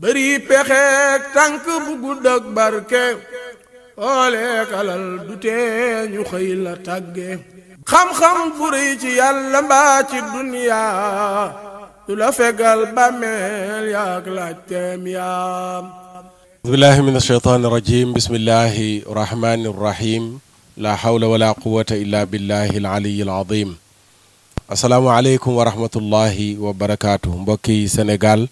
bëri pexeek tànk bu gudd ak barke xooleek alal du tee ñu xëy la tàgge xam-xam bu rëy ci yàlla mbaa ci duniyaa du la fegal bàmmeel yaak laajteem yaa bismillahi min asheytaan irajim bismillahi rahmani rahim la hawla wala quwata illa billahi alaliyi alazim asalaamualeykum wa rahmatullahi wa barakaatu mbokki Sénégal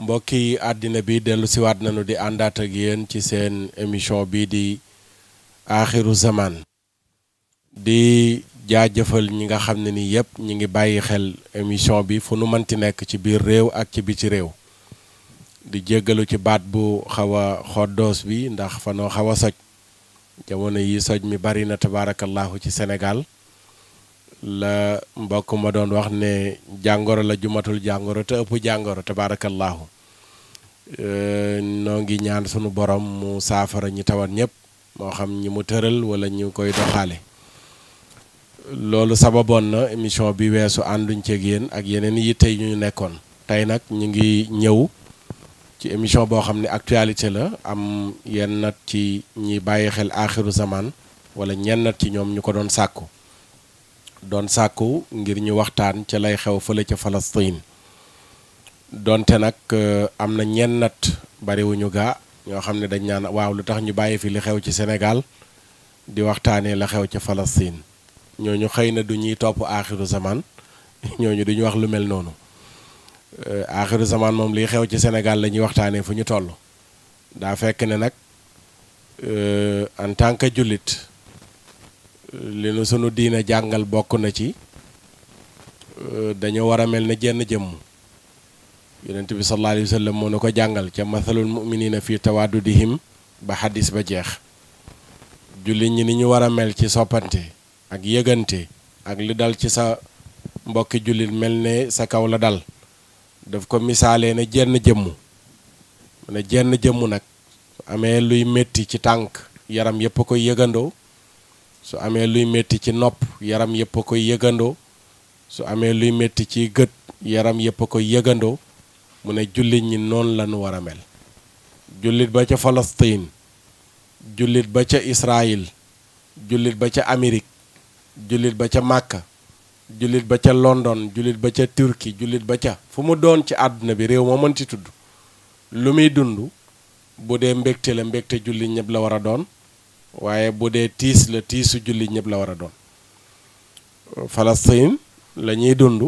mbokki àddina bi dellu siwaat nañu di àndaat ak ci seen émission bii di aaxiru zaman di jaajëfal ñi nga xam ne ni yëpp ñi ngi bàyyi xel émission bi fu nu mënti nekk ci biir réew ak ci biti réew di jéggalu ci baat bu xaw a xoddoos bi ndax fanoo xaw a soj jamono yi soj mi bari na tabaarakallaahu ci senegal la mbokk ma doon wax ne jàngoro la jumatul jàngoro te ëpp jàngoro tabaarakallaahu noo ngi ñaan sunu borom mu saafara ñi tawat ñëpp moo xam ñi mu tëral wala ñu koy doxaale loolu sababoon na émission bi weesu ànduñ ceeg yéen ak yeneen yitte yu ñu nekkoon tey nag ñu ngi ñëw ci émission boo xam ne actualité la am yenn nat ci ñi bàyyi xel aaxiru zaman wala ñennat ci ñoom ñu ko doon sàkku doon sàkku ngir ñu waxtaan ca lay xew fële ca Palestine donte nag euh, am na ñenn nat bariwuñu gaa ñoo xam ne dañ naan waaw lu tax ñu bàyyi fi li xew ci Sénégal di waxtaanee la xew ca Palestine ñooñu xëy na du ñuy topp aaxiru zaman ñooñu duñu wax lu mel noonu euh, aaxiru zaman moom liy xew ci Sénégal la ñuy waxtaanee fu ñu toll daa fekk ne nag euh, en tant que jullit li nu sunu diine jàngal bokk na ci euh, dañoo war a mel ne jenn jëmm yonent bi sallallahu alayhi wa sallam moo nu ko jàngal ca mathalul muminina fi tawaddudihim ba xaddis ba jeex jullit ñi ni ñu war a mel ci soppante ak yëgante ak li dal ci sa mbokki jullit mel ne sa kaw la dal daf ko misaalee na jenn jëmm ne jenn jëmm nag amee luy metti ci tànk yaram yépp koy yëgandoo su amee luy métti ci nopp yaram yëpp a koy yëgandoo su amee luy métti ci gët yaram yëpp a koy yëgandoo mu ne jullit ñi noon lanu ñu war a mel jullit ba ca Palestine jullit ba ca Israël jullit ba ca Amérique jullit ba ca Màkka jullit ba ca London jullit ba ca Turquie jullit ba ca fu mu doon ci àdduna bi réew moo mën ci tudd lu muy dund bu dee mbégte la mbégte jullit ñëpp la war a doon waaye bu dee tiis la tiisu jullit ñëpp la war a doon Palestine la ñuy dund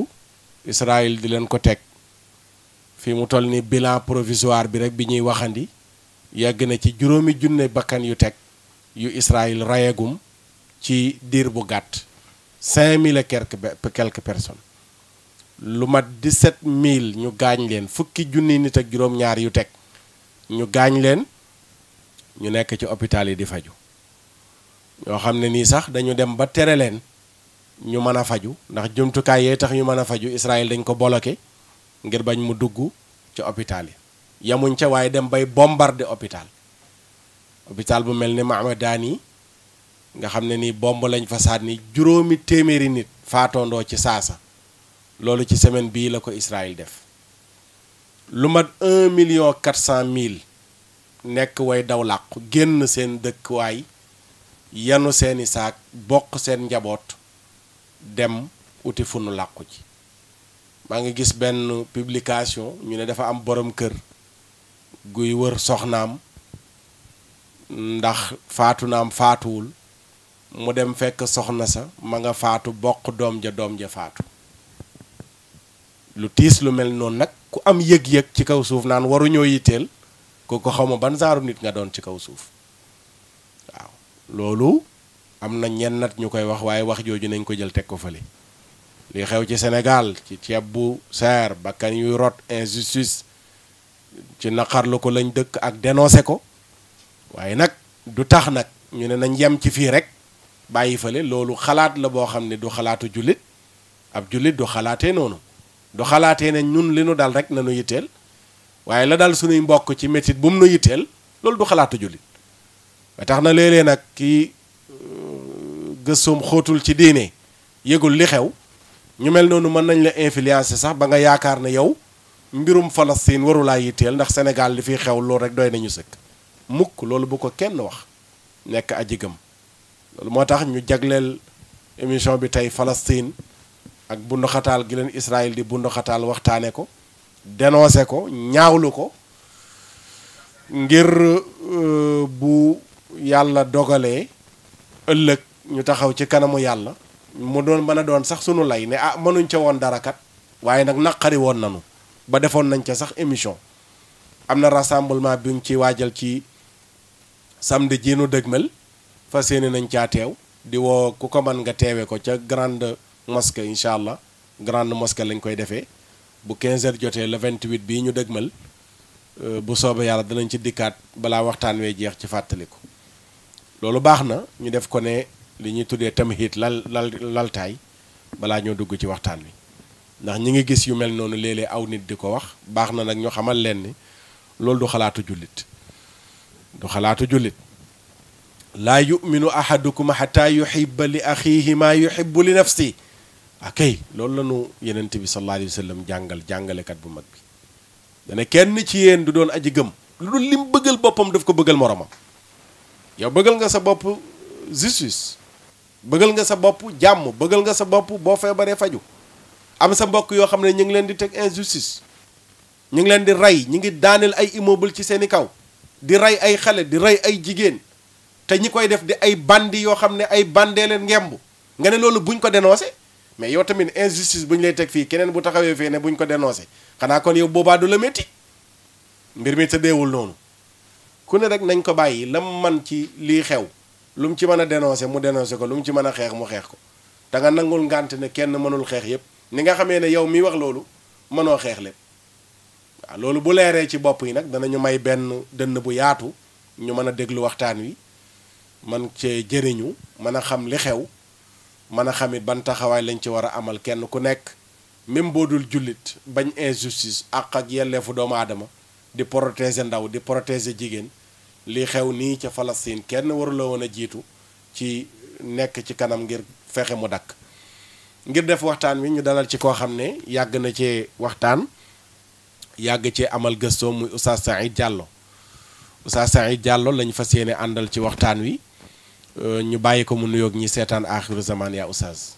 Israël di leen ko teg fi mu toll ni bilan provisoire bi rek bi ñuy waxandi yàgg na ci juróomi junne bakkan yu teg yu Israël rayagum ci diir bu gàtt cinq mille et personnes lu mat dix-sept mille ñu gaañ leen fukki junni nit ak juróom-ñaar yu teg ñu gaañ leen ñu nekk ci hôpital yi di faju ñoo xam ne nii sax dañu dem ba tere leen ñu mën a faju ndax jumtukaay yee tax ñu mën a faju Israël dañ ko boloke ngir bañ mu dugg ci hôpital yi yamuñ ca waaye dem bay bombarde hôpital hôpital bu mel ni Mahmadani nga xam ne nii bomb lañ fa sànni juróomi téeméeri nit faatoondoo ci saasa loolu ci semaine bii la ko Israël def lu mat un million quatre cent mille nekk way daw làqu génn seen dëkkuwaay yanu seeni saak bokk seen njaboot dem wuti fu nu làqu ci maa ngi gis benn publication ñu ne dafa am boroom kër guy wër soxnaam ndax faatu naam faatuwul mu dem fekk soxna sa ma nga faatu boq doom ja doom ja faatu lu tiis lu mel noonu nag ku am yëg-yëg ci kaw suuf naan waruñoo yitteel ko ko xawma ban saaru nit nga doon ci kaw suuf loolu am na ñennat ñu koy wax waaye wax jooju nañ ko jël teg ko fële li xew ci Sénégal ci ceeb bu seer bakkan yuy rot injustice ci naqarlu ko lañ dëkk ak dénoncé ko waaye nag du tax nag ñu ne na yem ci fii rek bàyyi fële loolu xalaat la boo xam ne du xalaatu jullit ab jullit du xalaatee noonu du xalaatee ne ñun li nu dal rek na nu yitteel waaye la dal sunuy mbokk ci métit bu mu nu yitteel loolu du xalaatu jullit ba tax na léeg-léeg nag kii euh, gëstoom xootul ci diine yëgul li xew ñu mel noonu mën nañ la influencer sax ba nga yaakaar ne yow mbirum Palestine warulaa yitteel ndax senegal li fiy xew loolu rek doy nañu sëkk mukk loolu bu ko kenn wax nekk ajigam loolu moo tax ñu jagleel émission bi tey Palestine ak bunduxataal gi leen Israël di bunduxataal waxtaane ko dénoncé ko ñaawlu ko ngir euh, bu yàlla dogalee ëllëg ñu taxaw ci kanamu yàlla mu doon mën a doon sax sunu lay ne ah mënuñ ca woon dara kat waaye nag naqari woon nanu ba defoon nañ ca sax émission am na rassemblement bi ñu ci waajal ci samedi ji nu dëgmal fas yéene nañ caa di woo ku ko mën nga teewee ko ca grande mosquée incha allah grande mosquée lañ koy defee bu 15 heures jotee le 28 bii ñu dëgmal euh, bu soobee yàlla danañ ci dikkaat balaa waxtaan wee jeex ci ko loolu baax na ñu def ko ne li ñuy tuddee tamhid lal lal laltaay balaa ñoo dugg ci waxtaan wi ndax ñi ngi gis yu mel noonu léeg aw nit di ko wax baax na nag ñu xamal leen ni loolu du xalaatu jullit du xalaatu jullit laa yuminu ahadu ku yuxiba yu axihi maa yuxibu li nafsi akay loolu lañu yenent bi sallallahu alayhi wa jàngal jàngalekat bu mag bi dane kenn ci yéen du doon aji gëm lu dul lim bëggal boppam daf ko bëggal moromam yow bëggal nga sa bopp justice bëggal nga sa bopp jàmm bëggal nga sa bopp boo feebaree faju am sa mbokk yoo xam ne ñu ngi leen di teg injustice ñu ngi leen di rey ñu ngi daaneel ay immeuble ci seeni kaw di rey ay xale di rey ay jigéen te ñi koy def di ay bandi yoo xam ne ay bandee leen ngemb nga ne loolu buñ ko dénoncé mais yow tamit injustice bu ñu lay teg fii keneen bu taxawee fii ne buñ ko dénoncé xanaa kon yow boobaa du la métti mbir mi tëddeewul noonu ku ne rek nañ ko bàyyi lam man ci lii xew lu mu ci mën a dénoncé mu dénoncé ko lu mu ci mën a xeex mu xeex ko te nga nangul ngànt ne kenn mënul xeex yépp ni nga xamee ne yow mi wax loolu mënoo xeex lépp waaw loolu bu leeree ci bopp yi nag danañu may benn dënn bu yaatu ñu mën a déglu waxtaan wi man cee jëriñu mën a xam li xew mën a xam it ban taxawaay lañ ci war a amal kenn ku nekk même boodul jullit bañ injustice ak ak yelleefu doomu aadama di protéger ndaw di protéger jigéen li xew nii ca Palestine kenn waruloo woon a jiitu ci nekk ci kanam ngir fexe mu dakk ngir def waxtaan wi ñu dalal ci koo xam ne yàgg na cee waxtaan yàgg cee amal gëstoo muy Oustaz Saïd Diallo Oustaz Saïd jàlloo lañu fas yéene àndal ci waxtaan wi euh, ñu bàyyi ko mu nuyook ñi seetaan aaxiru zamaan yaa Oustaz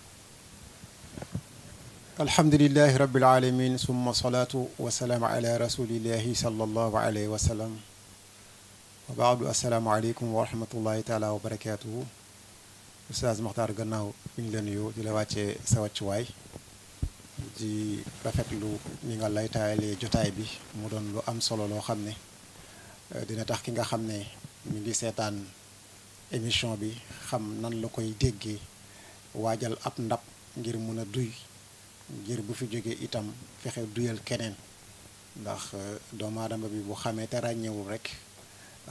alhamdulilahi rabbil alamin summa salaatu wasalaamu ala rasulillahi sallallahu alayhi wa sallam wa baadu assalaamu aleykum wa rahmatullahi taala wa barakatuhu ustaas maxtaar gannaaw bi ñu la di la wàcce sa wàccuwaay di rafetlu ni nga lay taayalee jotaay bi mu doon lu am solo loo xam ne euh, dina tax ki nga xam ne mi ngi seetaan émission bi xam nan la koy déggee waajal ab ndab ngir mën a duy ngir bu fi jógee itam fexe duyal keneen ndax euh, doomu aadama bi bu xamee te ràññewul rek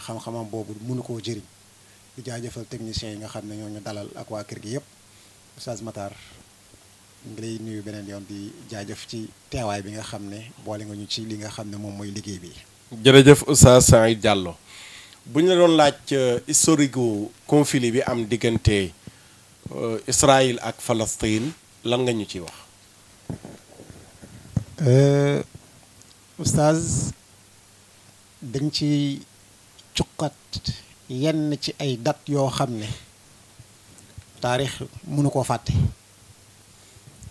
xam-xamam boobu mënu koo jëriñ di jaajëfal techniciens yi nga xam ne ñoo ñu dalal ak waa kër gi yëpp Oustaz Matar ngi lay nuyu beneen yoon di jaajëf ci teewaay bi nga xam ne boole nga ñu ci li nga xam ne moom mooy liggéey bi. jërëjëf Oustaz Saïd Diallo bu ñu la doon laaj euh, historique gu conflit bi am diggante euh, Israël ak Palestine lan nga ñu ciy wax. Euh, oustaz dañ ci cuqat yenn ci ay dat yoo xam ne taarix mënu koo fàtte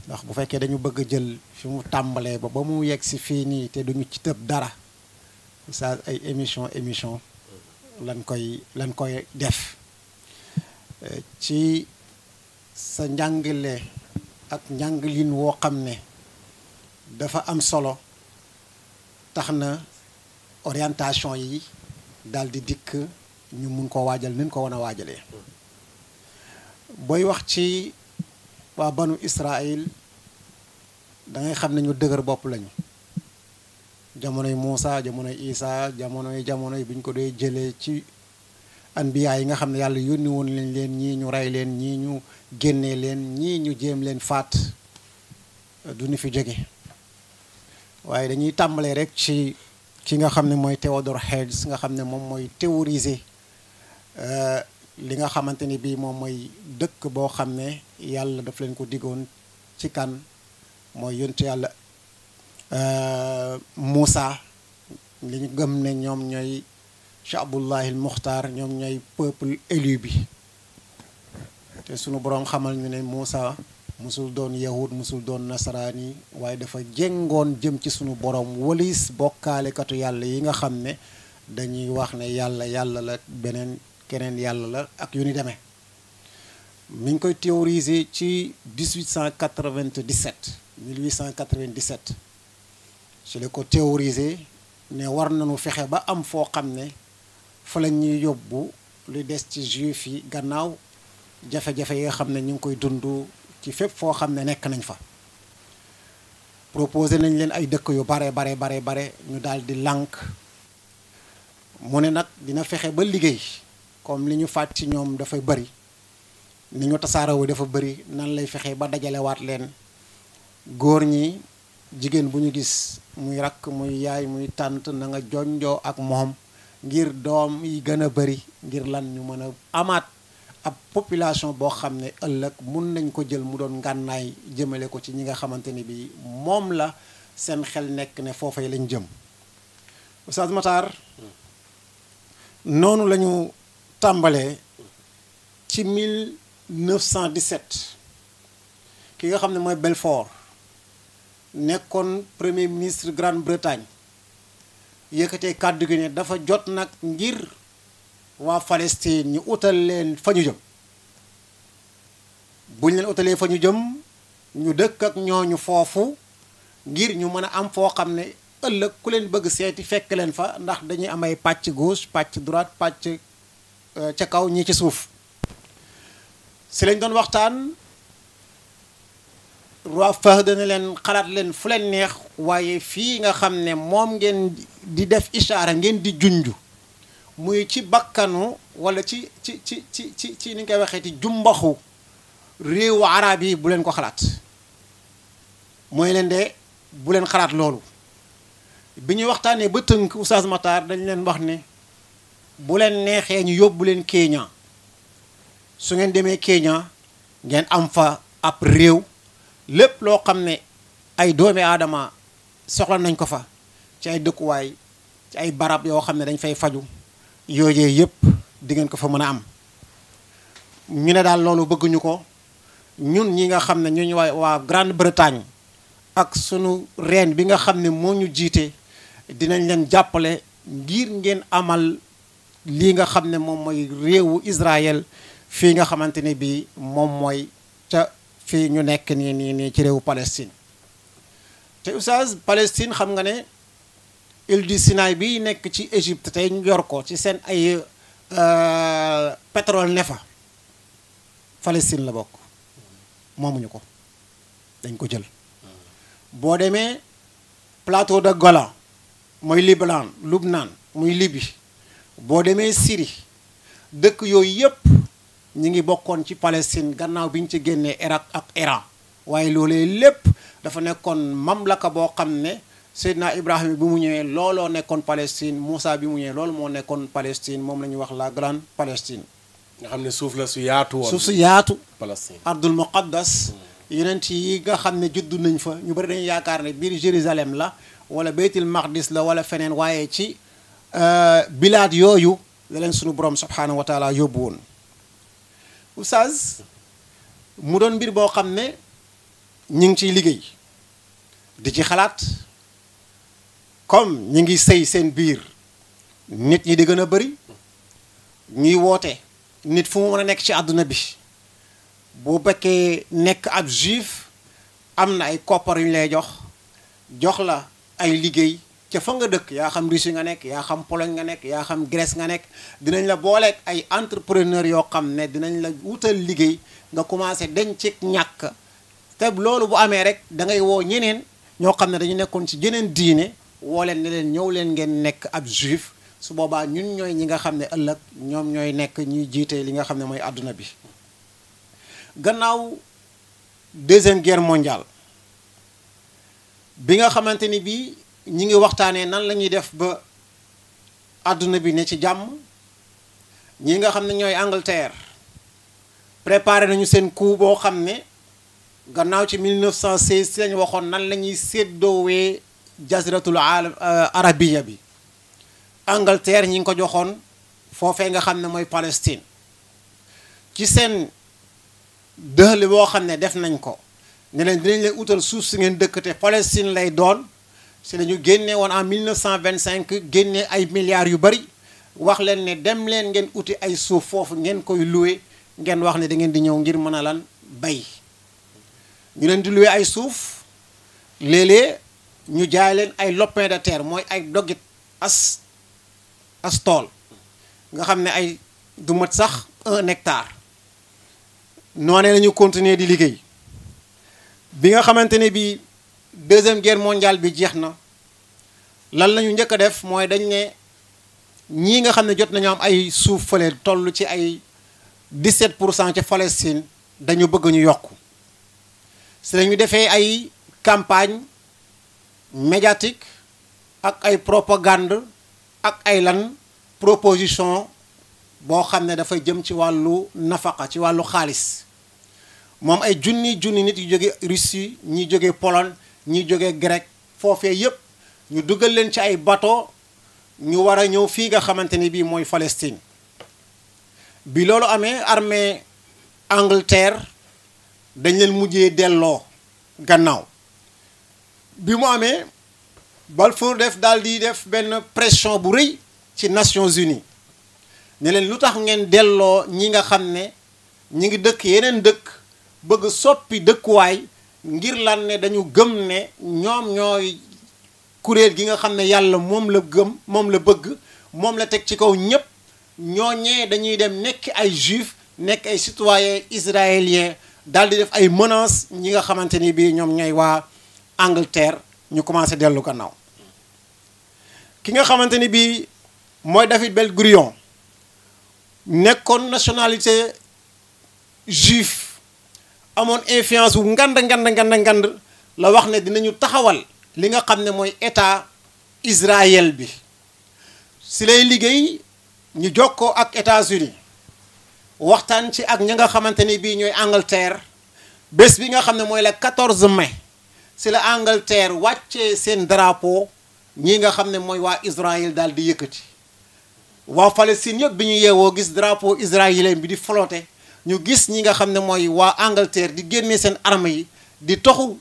ndox bu fekkee dañu bëgg a jël fi mu tàmbalee ba ba mu yegg si fii nii te duñu ci tëb dara oustaz ay émission émission lan koy lañ koy def euh, ci sa njàngale ak njàngalin woo xam ne dafa am solo tax na orientation yi daal di dikk ñu mun koo waajal nin ko wan a waajalee booy wax ci waa banu Israël da ngay xam ne ñu dëgër bopp lañu jamonoy Muusa jamonoy Isa jamonoy jamonoy bi ñu ko dee jëlee ci anbiya yi nga xam ne yàlla yónni woon leen leen ñii ñu rey leen ñii ñu génnee leen ñii ñu jéem leen faat du ñu fi jóge waaye dañuy tàmbalee rek ci ki nga xam ne mooy Theodor Herzl nga xam ne moom mooy théoriser euh, li nga xamante ni bii moom mooy dëkk boo xam ne yàlla daf leen ko diggoon ci kan mooy yontu yàlla euh, Moussa li ñu gëm ne ñoom ñooy Shaabullahil Muxtaar ñoom ñooy peuple élu bi te sunu boroom xamal ñu ne Moussa musul doon yahud musul doon nasaraani waaye dafa jéngoon jëm ci sunu borom walis bokkaalekatu yàlla yi nga xam ne dañuy wax ne yàlla yàlla la beneen keneen yàlla la ak yu ni demee mi ngi koy théoriser ci 1897 1897 ci la ko théoriser ne war nañu fexe ba am foo xam ne fa la ñuy yóbbu lu des ci juif yi gannaaw jafe-jafe yi nga xam ne ñu ngi koy dund ci fépp foo xam ne nekk nañ fa proposé nañ leen ay dëkk yu bare bare bare bare ñu daldi di lànk mu ne nag dina fexe ba liggéey comme li ñu fàtt ci ñoom dafay bari ni ñu tasaarawo dafa bari nan lay fexe ba dajalewaat leen góor ñi jigéen bu ñu gis muy rakk muy yaay muy tànt na jonjoo ak moom ngir doom yi gën a bari ngir lan ñu mën a amaat ab population boo xam ne ëllëg mun nañ ko jël mu doon ngànnaay jëmale ko ci ñi nga xamante ni bi moom la seen xel nekk ne foofay lañ jëm Oustaz Matar noonu la ñu tàmbalee ci 1917 ki nga xam ne mooy Belfort nekkoon premier ministre Grande-Bretagne yëkkatee kàddu gi ne dafa jot nag ngir waa Palestine ñu utal leen fa ñu jëm buñ utalee fa ñu jëm ñu dëkk ak ñooñu foofu ngir ñu mën a am foo xam ne ëllëg ku leen bëgg seeti fekk leen fa ndax dañuy am ay pàcc gauche pàcc droite pàcc euh, ca kaw ñi ci suuf si lañ doon waxtaan roi Fahd dana leen xalaat leen fu leen neex waaye fii nga xam ne moom ngeen di def ishaara ngeen di junju muy ci bakkanu wala ci ci ci ci ci ci ni nga koy waxee ci jumbaxu réewu arab yi bu leen ko xalaat mooy leen de bu leen xalaat loolu bi ñuy waxtaanee ba tënk Oustaz Matar dañ leen wax ne bu leen neexee ñu yóbbu leen Kenya su ngeen demee Kenya ngeen am fa ab réew lépp loo xam ne ay doomi aadama soxla nañ ko fa ci ay dëkkuwaay ci ay barab yoo xam ne dañ fay faju yooyee yépp di ko fa mën a am ñu ne daal loolu bëgguñu ko ñun ñi nga xam ne ñu ñu waa waa Grande-Bretagne ak sunu reen bi nga xam ne moo ñu jiite dinañ leen jàppale ngir ngeen amal lii nga xam ne moom mooy réewu Israël fii nga xamante ne bii moom mooy ca fii ñu nekk nii nii nii ci réewu Palestine te oustaz Palestine xam nga ne île du Sinaï bi nekk ci Égypte tey ñu yor ko ci seen ay euh, pétrole ne fa Palestine la bokk moomuñu ko dañ ko jël boo demee plateau de gola mooy Liban Lubnaan muy Libye boo demee siri dëkk yooyu yépp ñi ngi bokkoon ci Palestine gannaaw bi ñu ci génnee Irak ak Iran waaye loolee lépp dafa nekkoon mamlaka boo xam ne Seydina Ibrahima bi mu ñëwee looloo nekkoon Palestine Moussa bi mu ñëwee loolu moo nekkoon Palestine moom la ñuy wax la grande Palestine. nga xam ne suuf su yaatu woon. suuf su yaatu. Palestine Ardul Muqaddas. Hmm. yonent yi nga xam ne juddu nañ fa ñu bari dañuy yaakaar ne biir Jérusalem la wala Beytil Maqdis la wala feneen waaye ci euh, bilaat yooyu la leen sunu borom subhaanahu wa taala yóbbu woon. Oustaz mu doon mbir boo xam ne ñu ngi ciy liggéey di ci xalaat. comme ñi ngi sëy seen biir nit ñi di gën a bëri ñuy woote nit fu mu mën a nekk ci àdduna bi bu bekkee nekk ab juif am na ay koppar yu ñu lay jox jox la ay liggéey ca fa nga dëkk yaa xam Russie nga nekk yaa xam Pologne nga nekk yaa xam Grèce nga nekk dinañ la booleek ay entrepreneur yoo xam ne dinañ la wutal liggéey nga commencé denc ci ñàkk te loolu bu amee rek da ngay woo ñeneen ñoo xam ne dañu nekkoon ci jeneen diine woo leen ñëw leen ngeen nekk ab juif su boobaa ñun ñooy ñi nga xam ne ëllëg ñoom ñooy nekk ñuy jiite li nga xam ne mooy àdduna bi gannaaw deuxième guerre mondiale bi nga xamante ni bii ñi ngi waxtaanee nan la ñuy def ba àdduna bi ne ci jàmm ñi nga xam ne ñooy Angleterre préparé nañu seen coup boo xam ne gannaaw ci 1916 ci lañu waxoon nan la ñuy séddoowee jaziratul alam euh, arabiya bi Angleterre ñi ngi ko joxoon foofee nga xam ne mooy Palestine ci seen dëxli boo xam ne def nañ ko ne dinañ leen utal suuf si ngeen dëkk te Palestine lay doon si la ñu génne woon en 1925 génne ay milliards yu bari wax leen ne dem leen ngeen uti ay suuf foofu ngeen koy loué ngeen wax ne dangeen di ñëw ngir mën a lan bay ñu leen di loué ay suuf léeg-léeg ñu jaay leen ay lopin de terre mooy ay dogit as as tool nga xam ne ay du sax un hectare noonee lañu continuer di liggéey bi nga xamante ne bi deuxième guerre mondiale bi jeex na lan la ñu njëkk a def mooy dañ ne ñii nga xam ne jot nañu am ay suuf fële toll ci ay 17 pour cent ca Palestine dañu bëgg ñu yokk si la defee ay campagne médiatique ak ay propagande ak ay lan proposition boo xam ne dafa jëm ci wàllu nafaqa ci wàllu xaalis moom ay junni junni nit yu jóge Russie ñi jóge Pologne ñi jóge Grèce foofee yépp ñu dugal leen ci ay bateau ñu war a ñëw fii nga xamante ni bii mooy Palestine bi loolu amee armée Angleterre dañ leen mujjee delloo gannaaw bi mu amee Balfour def daal di def benn pression bu rëy ci Nations Unies ne leen lu tax ngeen delloo ñi nga xam ne ñi ngi dëkk yeneen dëkk bëgg soppi dëkkuwaay ngir lan ne dañu gëm ne ñoom ñooy kuréel gi nga xam ne yàlla moom la gëm moom la bëgg moom la teg ci kaw ñépp ñooñee dañuy dem nekk ay juif nekk ay citoyen israélien daal di def ay menaces ñi nga xamante ni bii ñoom ñooy waa Angleterre ñu commencé dellu gannaaw ki nga xamante ni bii mooy David ben nekkoon nationalité juif amoon influence wu ngand ngand ngand la wax ne dinañu taxawal li nga xam ne mooy état Israël bi si lay liggéey ñu jokkoo ak États-Unis waxtaan ci ak ñi nga xamante ni bii ñooy Angleterre bés bi nga xam ne mooy le 14 mai si la Angleterre wàccee seen drapeau ñii nga xam ne mooy waa Israël daal di yëkkati waa Palestine yëpp bi ñu yeewoo gis drapeau israélien bi di flotter ñu gis ñi nga xam ne mooy waa Angleterre di génnee seen arme yi di toxu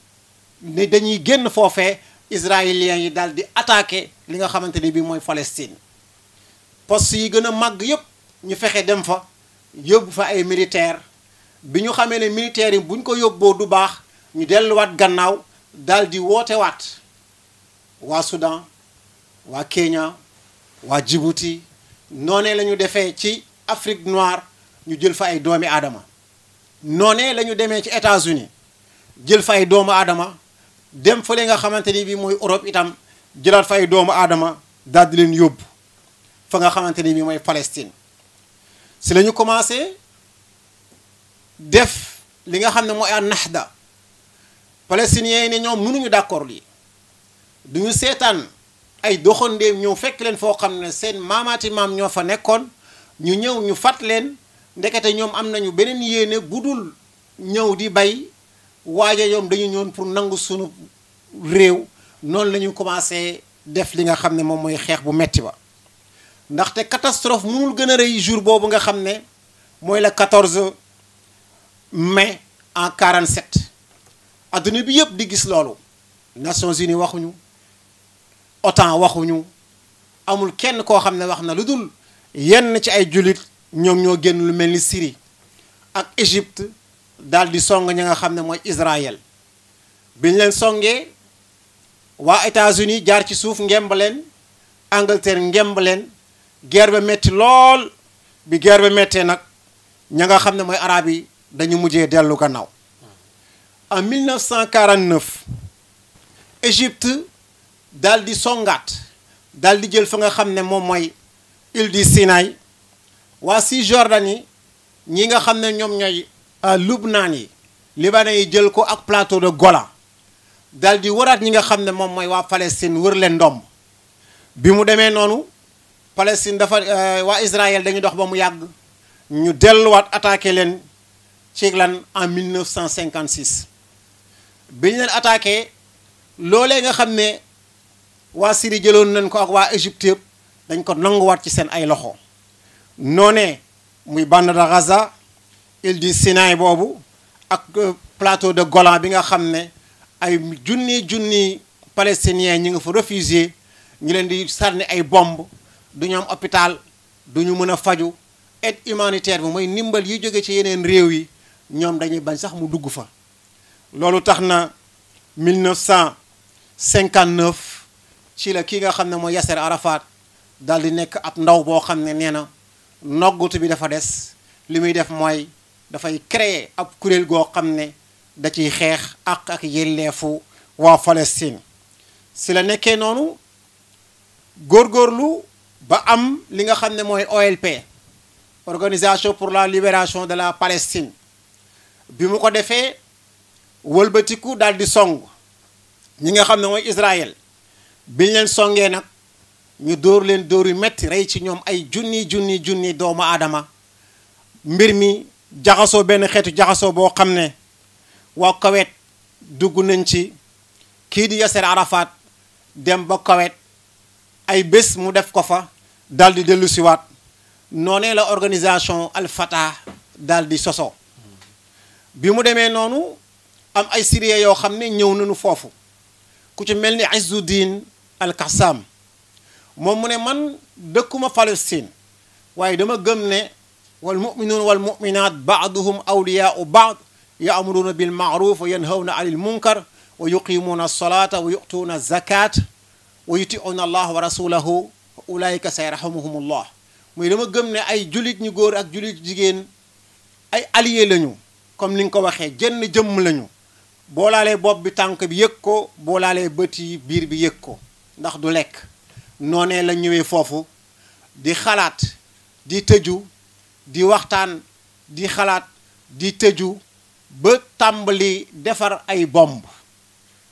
ni dañuy génn foofee israéliens yi daal di attaqué li nga xamante ni bii mooy Palestine poste yi gën a màgg yëpp ñu fexe dem fa yóbbu fa ay militaire bi ñu xamee ne militaires yi buñ ko yóbboo du baax ñu delluwaat gannaaw daldi di wootewaat waa Soudan waa keña waa Djibouti noonee la ñu defee ci Afrique noire ñu jël fa ay doomi aadama noonee lañu demee ci États-Unis jël fa ay doomu aadama dem fële nga xamante ni bii mooy Europe itam jëlaat fa ay doomu aadama daal di leen yóbbu fa nga xamante ni bii mooy Palestine si lañu ñu commencé def li nga xam ne mooy an naxda palestiniens yi ne ñoom mënuñu d'accord yi duñu seetaan ay doxandeem ñëw fekk leen foo xam ne seen maamaati maam ñoo fa nekkoon ñu ñëw ñu fat leen ndekete ñoom am nañu beneen yéene bu dul ñëw di bay waaja ñoom dañu ñoon pour nangu sunu réew noonu la ñu commencé def li nga xam ne moom mooy xeex bu metti ba ndaxte catastrophe mënul gën a rëy jour boobu nga xam ne mooy la 14 mai en 47 adduna bi yëpp di gis loolu Nations Unies waxuñu OTAN waxuñu amul kenn koo xam ne wax na lu dul yenn ci ay jullit ñoom ñoo génn lu mel ni siri ak Égypte daal song ñi nga xam ne mooy Israël biñ leen songee waa États-Unis jaar ci suuf ngemb leen Angleterre ngemb leen metti lool bi gerbe ba nag ña nga xam ne mooy araab yi dañu mujjee dellu gannaaw en 1949 Égypte daal di songaat daal di jël fa nga xam ne moom mooy île du Sinaï waa Cisjordanie ñi nga xam ne ñoom ñooy euh, Lubnaan yi Libanais yi jël ko ak plateau de gola daal di waraat ñi nga xam ne moom mooy waa Palestine wër leen ndomb bi mu demee noonu Palestine dafa euh, waa Israël dañu dox ba mu yàgg ñu delluwaat attaqué leen ci lan en 1956 bi ñu leen attaque loolee nga xam ne waa Syrie jëloon nañ ko ak waa Égypte yëpp dañ ko nanguwaat ci seen ay loxo noonee muy bande de Gaza île du Sinaï boobu ak euh, plateau de Golan bi nga xam ne ay junni junni palestiniens ñi nga fa réfugié ñu leen di sànni ay bomb du ñu am hôpital du ñu mën a faju aide humanitaire bi mooy ndimbal yi jóge ci yeneen réew yi ñoom dañuy bañ sax mu dugg fa loolu tax na 1959 ci la ki nga xam ne mooy Yasser Arafat daal di nekk ab ndaw boo xam ne nee na noggutu bi dafa des li muy def mooy dafay créer ab kuréel goo xam ne da ciy xeex ak ak yelleefu waa Palestine si la nekkee noonu góor góorlu ba am li nga xam ne mooy OLP organisation pour la libération de la Palestine bi mu ko defee wëlbatiku daal di song ñi nga xam ne mooy Israël biñ leen songee nag ñu dóor leen dóor yu metti rey ci ñoom ay junni junni junni doomu aadama mbir mi jaxasoo benn xeetu jaxasoo boo xam ne waa Kowet dugg nañ ci kii di Yasser Arafat dem ba Kowet ay bés mu def ko fa daal di dellu siwaat noonee la organisation Al Fatah di soso bi mu demee noonu am ay syriens yoo xam ne ñëw nañu foofu ku ci mel ni Izzuddin al-Qassam moom mu ne man dëkkuma Palestine waaye dama gëm ne wal muminuuna wal muminaat baaduhum awliyaau baad yaamuruuna bil maaruf wa yanhawna anil munkar wa yuqimuuna alsolata wa yutuuna zakat wa yutiuuna allah wa rasulahu fa ulaayika sayrahamuhum allah muy dama gëm ne ay julit ñu góor ak julit jigéen ay alliés lañu comme ni nga ko waxee jenn jëmm lañu boo laalee bopp bi tànk bi yëg ko boo laalee bët yi biir bi yëg ko ndax du lekk noonee la ñëwee foofu di xalaat di tëju di waxtaan di xalaat di tëju ba tàmbali defar ay bomb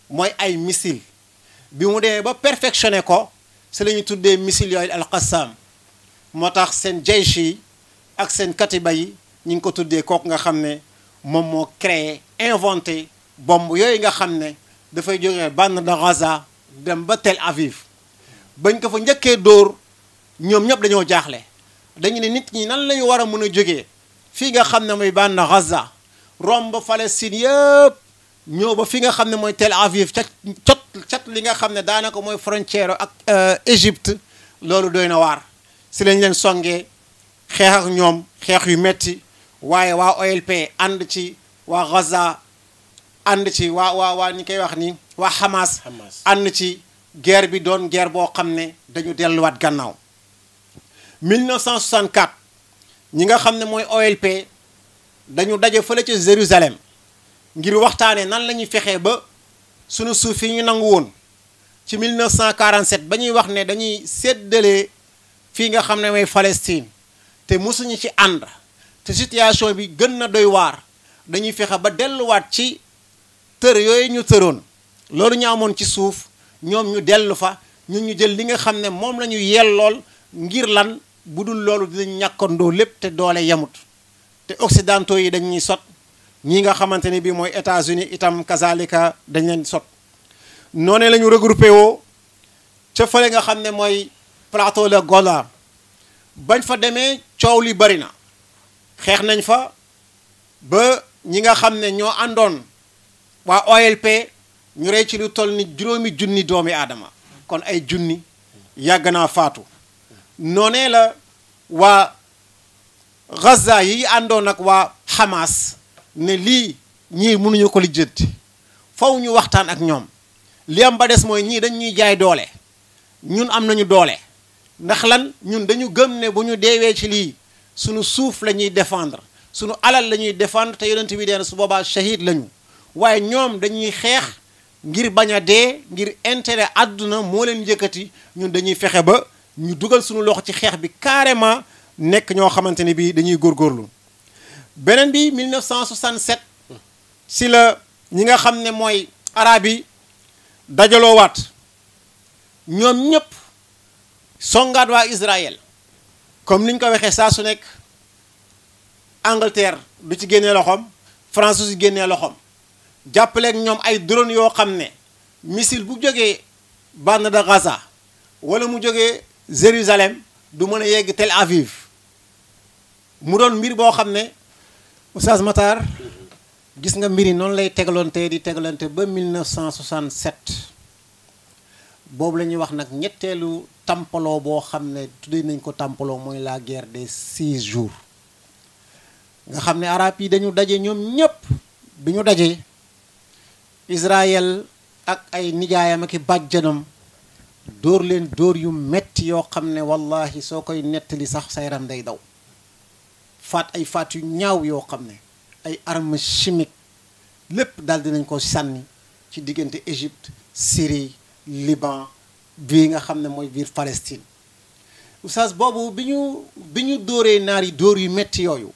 mooy ay missile bi mu demee ba perfectionné ko si lañuy tuddee missile yooyu alqassam moo tax seen jaysh yi ak seen katiba yi ñu ngi ko tuddee kooku nga xam ne moom moo créé inventé bomb yooyu nga xam ne dafay jógee bande de Gaza dem ba Tel Aviv bañ ko fa njëkkee door ñoom ñëpp dañoo jaaxle dañu ne nit ñi nan lañu war a mën a jóge fii nga xam ne mooy bande de Gaza romb Palestine yëpp ñëw ba fi nga xam ne mooy Tel Aviv cat cat cat li nga xam ne daanaka mooy frontière ak euh, Égypte loolu doy na waar si lañ leen songe xeexak ñoom xeex yu metti waaye waa OLP ànd ci waa Gaza ànd ci waa waa waa ñi koy wax ni waa Hamas. ànd ci guerre bi doon guerre boo xam ne dañu delluwaat gannaaw. 1964 ñi nga xam ne mooy OLP dañu daje fële ca Jérusalem ngir waxtaanee nan la ñuy fexee ba sunu suuf yi ñu nangu woon ci 1947 ba ñuy wax ne dañuy séddalee fii nga xam ne mooy Palestine te mosuñu ci ànd te situation bi gën na doy waar dañuy fexe ba delluwaat ci. tër yooyu ñu tëroon loolu ñu amoon ci suuf ñoom ñu dellu fa ñun ñu jël li nga xam ne moom la ñu lool ngir lan bu dul loolu dinañ ñàkkandoo lépp te doole yemut te occidentaux yi dañuy sot ñi nga xamante ni bii mooy États-Unis itam kazalika dañ leen sot noone lañu ñu regroupé woo ca fële nga xam ne mooy plateau de Gola bañ fa demee coow li bari na xeex nañ fa ba ñi nga xam ne ñoo àndoon waa OLP ñu rey ci lu toll ni juróomi junni doomi aadama kon ay junni yàgg naa faatu noonee la waa Gaza yi àndoon nag waa Hamas ne lii ñii mënuñu ko lijjanti faw ñu waxtaan ak ñoom li am ba des mooy ñii dañ ñuy jaay doole ñun am nañu doole ndax lan ñun dañu gëm ne bu ñu deewee ci lii sunu suuf la ñuy défendre sunu alal la ñuy défendre te yonent bi deen su boobaa shahid lañu waaye ñoom dañuy xeex ngir bañ a dee ngir intérêt àdduna moo leen yëkkati ñun dañuy fexe ba ñu dugal suñu loxo ci xeex bi carrément nekk ñoo xamante ni bi dañuy góor góorlu beneen bi 1967 si la ñi nga xam ne mooy araab yi dajaloowaat ñoom ñëpp songaat waa Israël comme ni ñu ko waxee saa su nekk Angleterre du ci génnee loxoom France du ci génnee loxoom jàppaleeg ñoom ay drone yoo xam ne missile bu jógee bande de Gaza wala mu jógee Jérusalem du mën a yegg Tel Aviv mu doon mbir boo xam ne Oustaz Matar gis nga mbir yi noonu lay tegalante di tegalante ba 1967 boobu la ñuy wax nag ñetteelu tampaloo boo xam ne tuddee nañ ko tampaloo mooy la guerre des six jours nga xam ne arab yi dañu daje ñoom ñëpp bi ñu dajee Israël ak ay nijaayam ak i bàjjanam dóor leen dóor yu metti yoo xam ne wallahi soo koy nettali sax sa yaram day daw faat ay faat yu ñaaw yoo xam ne ay armes chimiques lépp daal nañ ko sànni ci diggante Égypte siri Liban bii nga xam ne mooy biir Palestine oustaz boobu bi ñu bi ñu dóoree naar yi dóor yu metti yooyu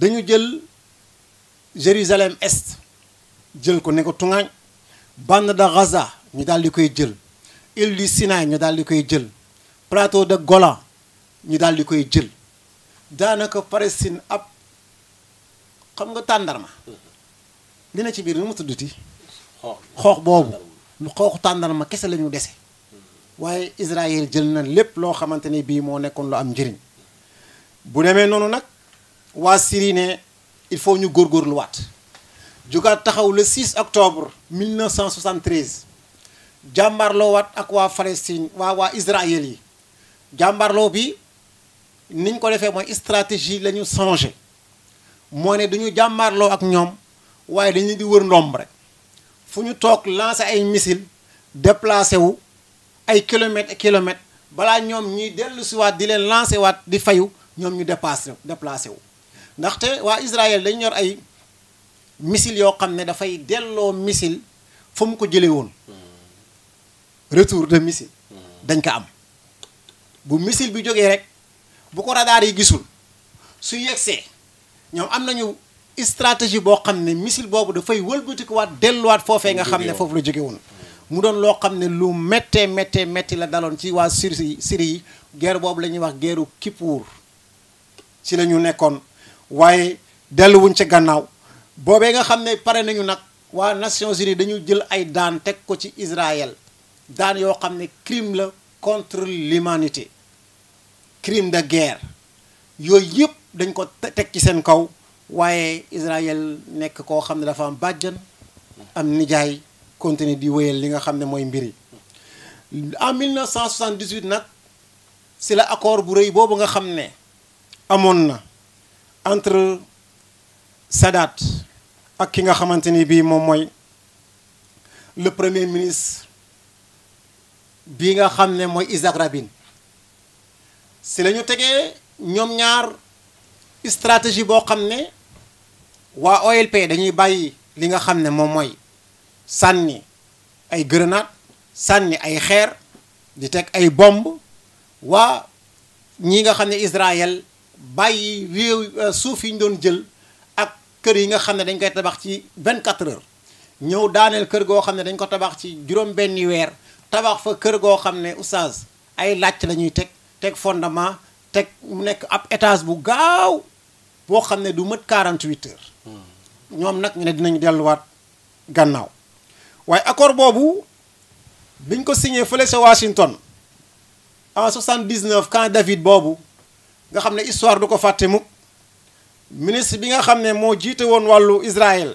dañu jël Jérusalem Est jël ko ne ko tungaañ bande de Gaza ñu daal di koy jël île du Sinaï ñu daal di koy jël plateau de gola ñu daal di koy jël daanaka Palestine ab xam nga tàndarma li na ci biir nu mu tudduti xoox boobu xooxu tàndarma kese la ñu dese waaye Israël jël na lépp loo xamante ni bii moo nekkoon lu am njëriñ bu demee noonu nag waa Syrie il faut ñu góor góorgóorluwaat jugaat taxaw le 6 octobre 1973 jàmbarloowaat ak waa Palestine waa waa Israël yi jàmbarloo bi niñ ko defee mooy stratégie la ñu changé moo ne duñu jàmbarloo ak ñoom waaye dañu di wër ndomb rek fu ñu toog lancé ay missile déplacé wu ay kilomètres et kilomètres balaa ñoom ñuy dellu si waat di leen lancé waat di fayu ñoom ñu dépassé déplacé wu ndaxte waa Israël dañu yor ay missile yoo xam ne dafay delloo missile fa mu ko jëlee woon retour de missile dañ ko am bu missile bi jógee rek bu ko radar yi gisul su yegsee ñoom am nañu stratégie boo xam ne missile boobu dafay wëlbatikuwaat delluwaat foofee nga xam ne foofu la jóge woon mu doon loo xam ne lu méttee méttee métti la daloon ci waa Syrie siri yi guerre boobu la ñuy wax geeru Kippour ci la ñu nekkoon waaye delluwuñ ci gannaaw boobee nga xam ne pare nañu nag waa Nations Unies dañu jël ay daan teg ko ci Israël daan yoo xam ne crime la contre l'humanité crime de guerre yooyu yëpp dañ ko teg ci seen kaw waaye Israël nekk koo xam ne dafa am bàjjan am nijaay continuer di wéyal li nga xam ne mooy mbir yi en 1978 nag si la accord bu rëy boobu nga xam ne amoon na entre Sadat ak ki nga xamante ni bii moom mooy le premier ministre bi nga xam ne mooy Isaac si la ñu ñoom ñaar stratégie boo xam ne waa OLP dañuy bàyyi li nga xam ne moom mooy sànni ay grenade sànni ay xeer di teg ay bomb waa ñi nga xam ne Israël bàyyi réew euh, suuf yi ñu doon jël kër yi nga xam ne dañ koy tabax ci 24 heures ñëw daaneel kër goo xam ne dañ ko tabax ci juróom-benni weer tabax fa kër goo xam ne oustaz ay làcc la ñuy teg teg fondement teg mu nekk ab étage bu gaaw boo xam ne du mët 48 heures. Hmm. ñoom nag ñu ne dinañ delluwaat gannaaw waaye accord boobu biñ ko signé fële sa Washington en 79 quand David boobu nga xam ne histoire du ko fàtte mukk ministre bi nga xam ne moo jiite woon wàllu Israël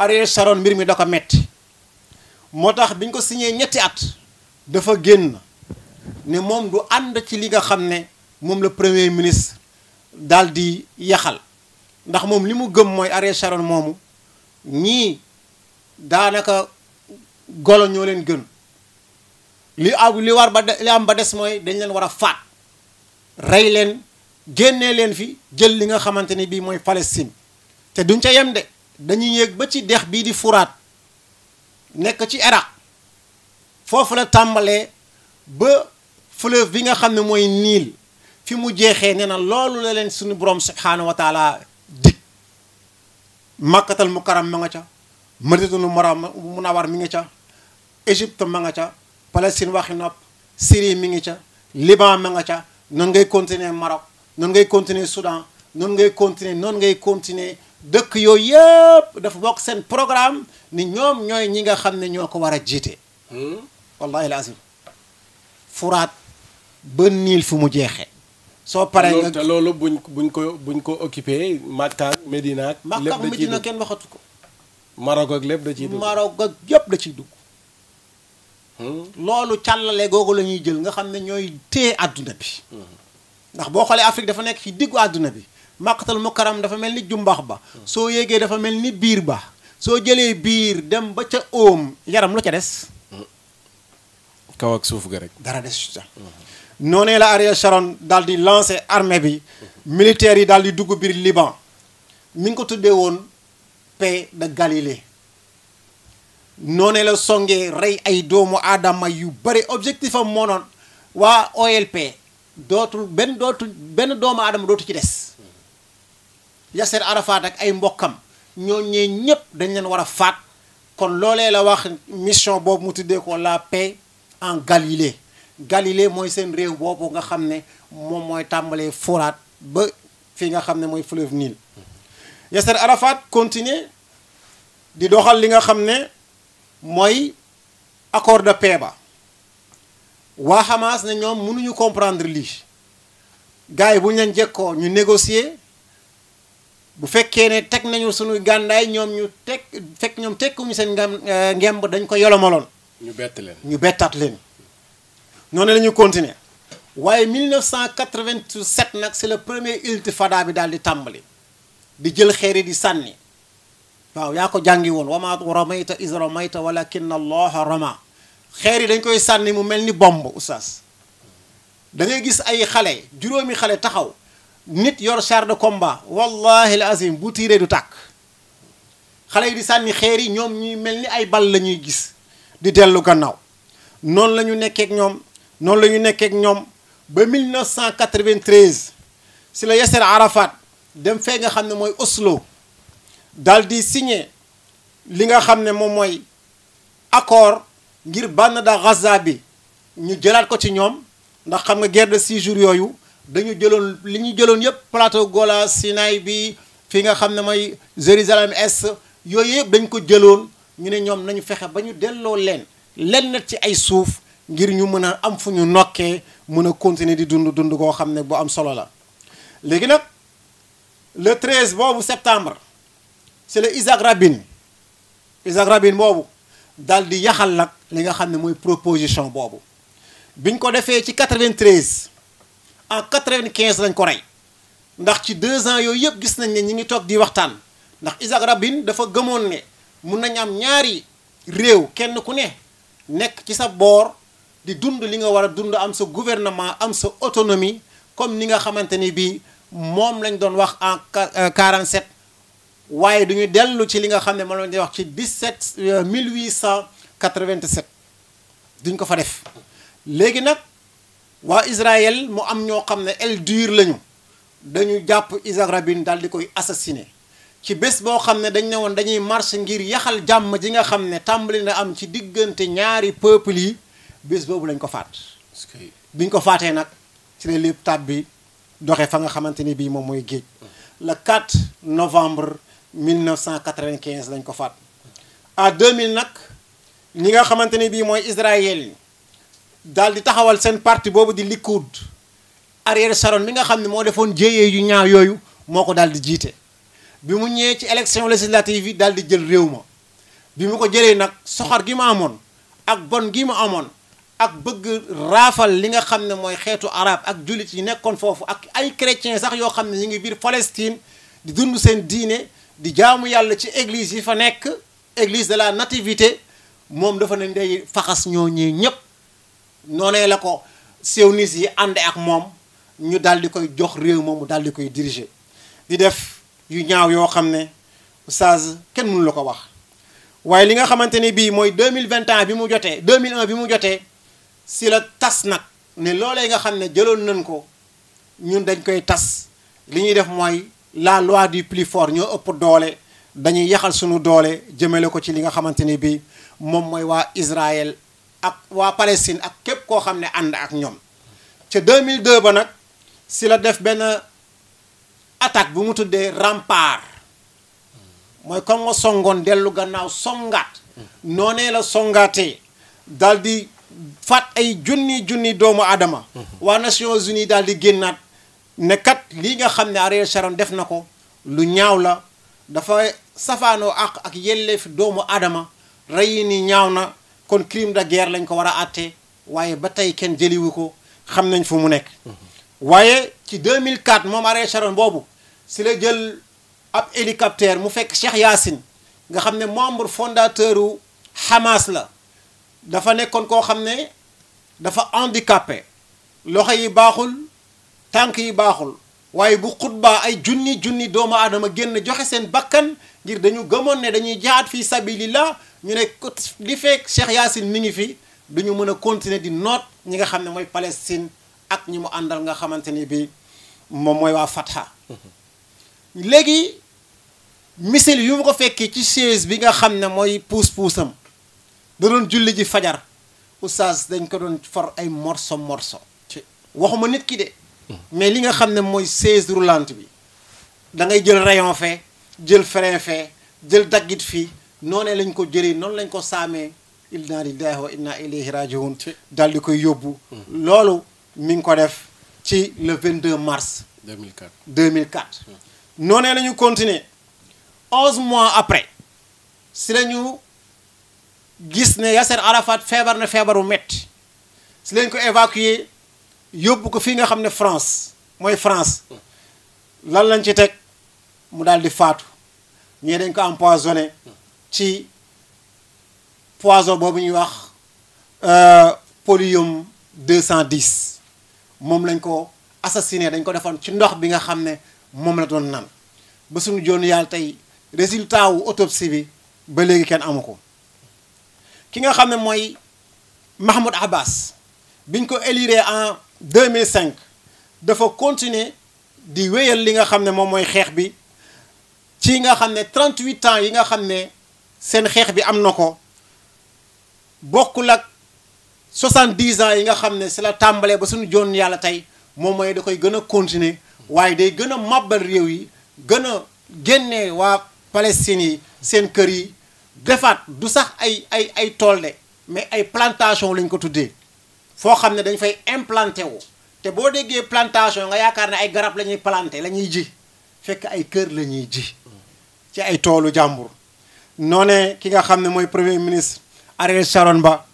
Ariel Sharon mbir mi da ko metti moo tax biñ ko siñee ñetti at dafa génn ne moom du ànd ci li nga xam ne moom la premier ministre daal di yaxal ndax moom li mu gëm mooy Ariel Sharon moomu ñii daanaka golo ñoo leen gën li aw li war ba li am ba des mooy dañ leen war a faat rey leen génnee leen fi jël li nga xamante ni bii mooy Palestine te duñ ca yem de dañuy yéeg ba ci dex bii di Furaat nekk ci Irak foofu la tàmbalee ba fleuve bi nga xam ne mooy Niil fi mu jeexee nee na loolu la leen suñu borom subhaanahu wa taala dig màkkatal mukaram ma nga ca madinatul munawwar mi ngi ca Égypte ma nga ca Palestine waxi nopp Syrie mi ngi ca Liban ma nga ca noonu ngay continuer maro noonu ngay continuer Soudan noonu ngay continuer noonu ngay continuer dëkk yooyu yëpp dafa bokk seen programme ni ñoom ñooy ñi nga xam ne ñoo ko war a jiite. Hmm? wallahi lazim furaat ba niil fu mu jeexee. soo paree nga te loolu buñ ko buñ ko occupé Makka ak Medina ak. lépp da ciy kenn waxatu ko. Maroc lépp da ci dugg Maroc yëpp da ciy dugg. Hmm? loolu càllale googu la ñuy jël nga xam ne ñooy téye àdduna bi. Hmm. ndax boo xoolee Afrique dafa nekk ci diggu àdduna bi màqatal mukaram dafa mel ni jumbaax ba soo yéegee dafa mel ni biir ba soo jëlee biir dem ba ca óom yaram lu ca des kaw ak suuf dara des ca noonee la Ariel Sharon daal di lancé armée bi militaires yi daal di dugg biir Liban mi ngi ko tuddee woon paix de Galilée noonee la songee rey ay doomu aadama yu bari objectif am moo noon waa OLP dootul benn dootul benn doomu aadama dootu ci des Yasser arafaat ak ay mbokkam ñooñee ñépp dañ leen war a faat kon loolee la wax mission boobu mu tuddee ko la paix en Galilée Galilée mooy seen réew boobu nga xam ne moom mooy tàmbalee Furaat ba fii nga xam ne mooy fleuve Nil Yasser Arafat continuer di doxal li nga xam ne mooy accord de paix ba waa Hamas ne ñoom mënuñu comprendre lii gars yi bu ñu leen jekkoo ñu négocier bu fekkee ne teg nañu suñu gàndaay ñoom ñu teg fekk ñoom tekkuñu seen ngam eh, ngemb dañ ko yolomaloon. ñu bett leen ñu bettaat leen. noonu la ñu continuer waaye 1987 nag c'est le premier iltifada bi daal di tàmbali di jël xeer yi di sànni waaw yaa ko jàngi woon wa ma ramayta iz ramayta walakin allaha rama xeer yi dañ koy sànni mu mel ni bomb oustaz da ngay gis ay xale juróomi xale taxaw nit yor char de combat wallahi al azim bu tiiree du tàkk xale yi di sànni xeer yi ñoom ñuy mel ni ay bal la ñuy gis di dellu gannaaw noonu la ñu nekkeek ñoom noonu la ñu nekkeek ñoom ba 1993 si la Yasser Arafat dem fee nga xam ne mooy Oslo daal di signé li nga xam ne moom mooy accord ngir bànn daa Gaza bi ñu jëlaat ko ci ñoom ndax xam nga guerre de six jours yooyu dañu jëloon li ñu jëloon yëpp plateau Gola Sinaï bi fi nga xam ne mooy Jérusalem Est yooyu yëpp dañ ko jëloon ñu ne ñoom nañu fexe ba ñu delloo leen lenn ci ay suuf ngir ñu mën a am fu ñu nokkee mën a continuer di dund dund koo xam ne bu am solo la léegi nag le 13 boobu septembre c'est le Isaac Rabin Isaac Rabin boobu daal di yaxal nag li nga xam ne mooy proposition boobu biñ ko defee ci 93 en 95 lañ ko rey ndax ci deux ans yooyu yëpp gis nañ ne ñi ngi toog di waxtaan ndax Isaac Rabin dafa gëmoon ne mun nañ am ñaari réew kenn ku ne nekk ci sa boor di dund li nga war a dund am sa gouvernement am sa autonomie comme ni nga xamante ni bii moom lañ doon wax en 47 euh, waaye duñu dellu ci li nga xam ne moom la ñuy wax ci 17 1887 euh, duñ ko fa def léegi nag waa Israël mu am ñoo xam ne el dur lañu dañu jàpp Isaac Rabin daal di koy assassiné ci bés boo xam ne dañ ne woon dañuy marche ngir yaxal jàmm ji nga xam ne tàmbali na am ci diggante ñaari peuples yi bés boobu lañ ko faat biñ ko faatee nag ci la lépp tab bi doxee fa nga xamante ni bii moom mooy géej le 4 novembre cent 1995 lañ ko faat à 2000 nag ñi nga xamante ne bii mooy israël yi daal di taxawal seen parti boobu di Likoud Ariel Sharon mi nga xam ne moo defoon jéyee yu ñaaw yooyu moo ko daal di jiite bi mu ñëwee ci élection législative yi daal di jël réew ma bi mu ko jëlee nag soxar gi mu amoon ak bon gi ma amoon ak bëgg raafal li nga xam ne mooy xeetu arab ak jullit yi nekkoon foofu ak ay chrétiens sax yoo xam ne ñu ngi biir Palestine di dund seen diine di jaamu yàlla ci eglise yi fa nekk église de la nativité moom dafa ne day faxas ñoo ñee ñëpp noonee la ko sionis yi ànd ak moom ñu daal di koy jox réew moom mu daal di koy diriger di def yu ñaaw yoo xam ne oustaz kenn mun la ko wax waaye li nga xamante ni bii mooy deux mille vingt 2021 bi mu jotee deux 2001 bi mu jotee si la tas nag ne loolee nga xam ne jëloon nañ ko ñun dañ koy tas li ñuy def mooy la loi du plus fort ñoo ëpp doole dañuy yaxal sunu doole jëmale ko ci li nga xamante ni bii moom mooy waa Israël ak waa Palestine ak képp koo xam ne ànd ak ñoom ca 2002 ba nag si la def benn attaque bu mu tuddee rempart mooy comme nga songoon dellu gannaaw songaat noonee la songaatee dal di faat ay junni junni doomu aadama mm-hmm. waa Nations Unies daal di génnaat ne kat lii nga xam ne Ariel Sharon def na ko lu ñaaw la dafa safaanoo àq ak yelleef doomu aadama rey ni ñaaw na kon crime de guerre lañ ko war a àtte waaye ba tey kenn jëliwu ko xam nañ fu mu nekk mhm. waaye ci 2004 moom Ariel Sharon boobu si la jël ab hélicoptère mu fekk Cheikh Yaasin nga xam ne membre fondateur u Hamas la dafa nekkoon koo xam ne dafa handicapé loxo yi baaxul tànk yi baaxul waaye bu xutbaa ay junni junni doomu aadama génn joxe seen bakkan ngir dañu gëmoon ne dañuy jaat fii sabilillah ñu ne li fekk Cheikh Yaasin mi fi duñu mën a continuer di noot ñi nga xam ne mooy Palestine ak ñi mu àndal nga xamante ni bi moom mooy waa Fatha léegi misil yu mu ko fekkee ci chaise bi nga xam ne mooy puus-puusam da doon julli ji fajar oustaz dañ ko doon for ay morso morso waxuma nit ki de mais li nga xam ne mooy chaise roulante bi da ngay jël rayon fee jël frein fee jël daggit fii noonee lañ ko jëlee noonu lañ ko saamee inna lillahi wa inna ilayhi rajiun daal di koy yóbbu loolu mi ngi ko def ci le 22 mars 2004 2004 noonee lañu continuer onze mois après si lañu gis ne Yasser Arafat feebar na feebaru metti si lañ ko évacuer yóbbu ko fii nga xam ne France mooy France lan lañ ci teg mu daal di faatu ñee dañ ko empoisonné ci poison boobu ñuy wax euh, cent 210 moom lañ ko assassiné dañ ko defoon ci ndox bi nga xam ne moom la doon nan ba suñu joon yàlla tey résultat wu autopsie bi ba léegi kenn amu ko ki nga xam ne mooy Mahmoud Abbas biñ ko éliré en 2005 dafa continuer di wéyal li nga xam ne moom mooy xeex bi ci nga xam ne 38 ans yi nga xam ne seen xeex bi am na ko bokkul ak 70 ans yi nga xam ne si la tàmbalee ba suñu joon yàlla tey moom mooy da koy gën a continuer waaye day gën a màbbal réew yi gën a génnee waa Palestine yi seen kër yi defaat du sax ay ay ay tool de mais ay plantation lañ ko tuddee foo xam ne dañ fay implanté wu te boo déggee plantation nga yaakaar ne ay garab la ñuy planté la ji fekk ay kër la ñuy ji ci ay toolu jàmbur noone ki nga xam ne mooy premier ministre Ariel Sharon Ba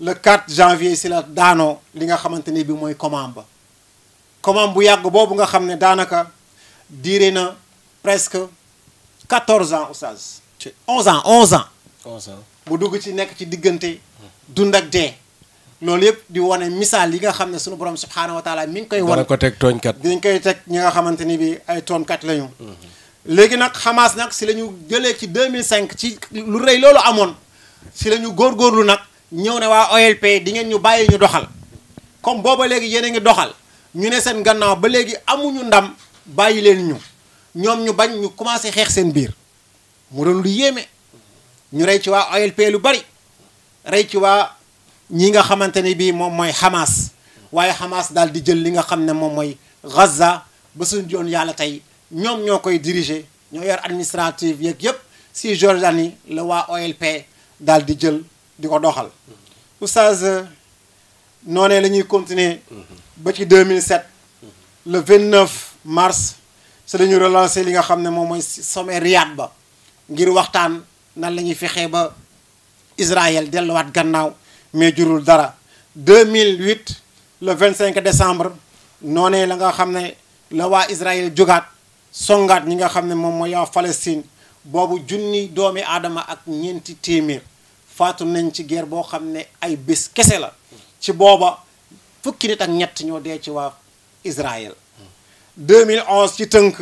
le 4 janvier si la daanoo li nga xamante ni bi mooy commande ba commande bu yàgg boobu nga xam ne daanaka diire na presque 14 ans oustaz 11 ans 11 ans 11 ans bu dugg ci nekk ci diggante dund ak dee loolu yëpp di wane misaal yi nga xam ne sunu borom subhaanahu wa taala mi ngi koy. wan dana ko teg tooñkat. dinañ koy teg ñi nga xamante ni bi ay tooñkat lañu. léegi nag Hamas nag si la ñu jëlee ci 2005 ci lu rey loolu amoon si la ñu góorlu nag ñëw ne waa OLP di ngeen ñu bàyyi ñu doxal comme booba léegi yéen a ngi doxal ñu ne seen gannaaw ba léegi amuñu ndam bàyyi leen ñu ñoom ñu bañ ñu commencé xeex seen biir mu doon lu yéeme ñu rey ci waa OLP lu bari rey ci waa. ñi nga xamante ni bii moom mooy Hamas waaye Hamas daal di jël li nga xam ne moom mooy Gaza ba suñu yoon yàlla tey ñoom ñoo koy dirigé ñoo yor administrative yëpp si Jordanie la waa OLP daal di jël di ko doxal. oustaz noonee la ñuy continuer ba ci 2007 le 29 mars si la ñu relancer li nga xam ne moom mooy sommet Riyad ba ngir waxtaan nan la ñuy fexee ba Israël delluwaat gannaaw. mais jurul dara mille 2008 le cinq décembre noonee la nga xam ne la waa Israël jógaat songaat ñi nga xam ne moom mooy waa Palestine boobu junni doomi aadama ak ñeenti téeméer faatu nañ ci guerre boo xam ne ay bés kese la ci booba fukki nit ak ñett ñoo dee ci waa Israël 2011 ci tënk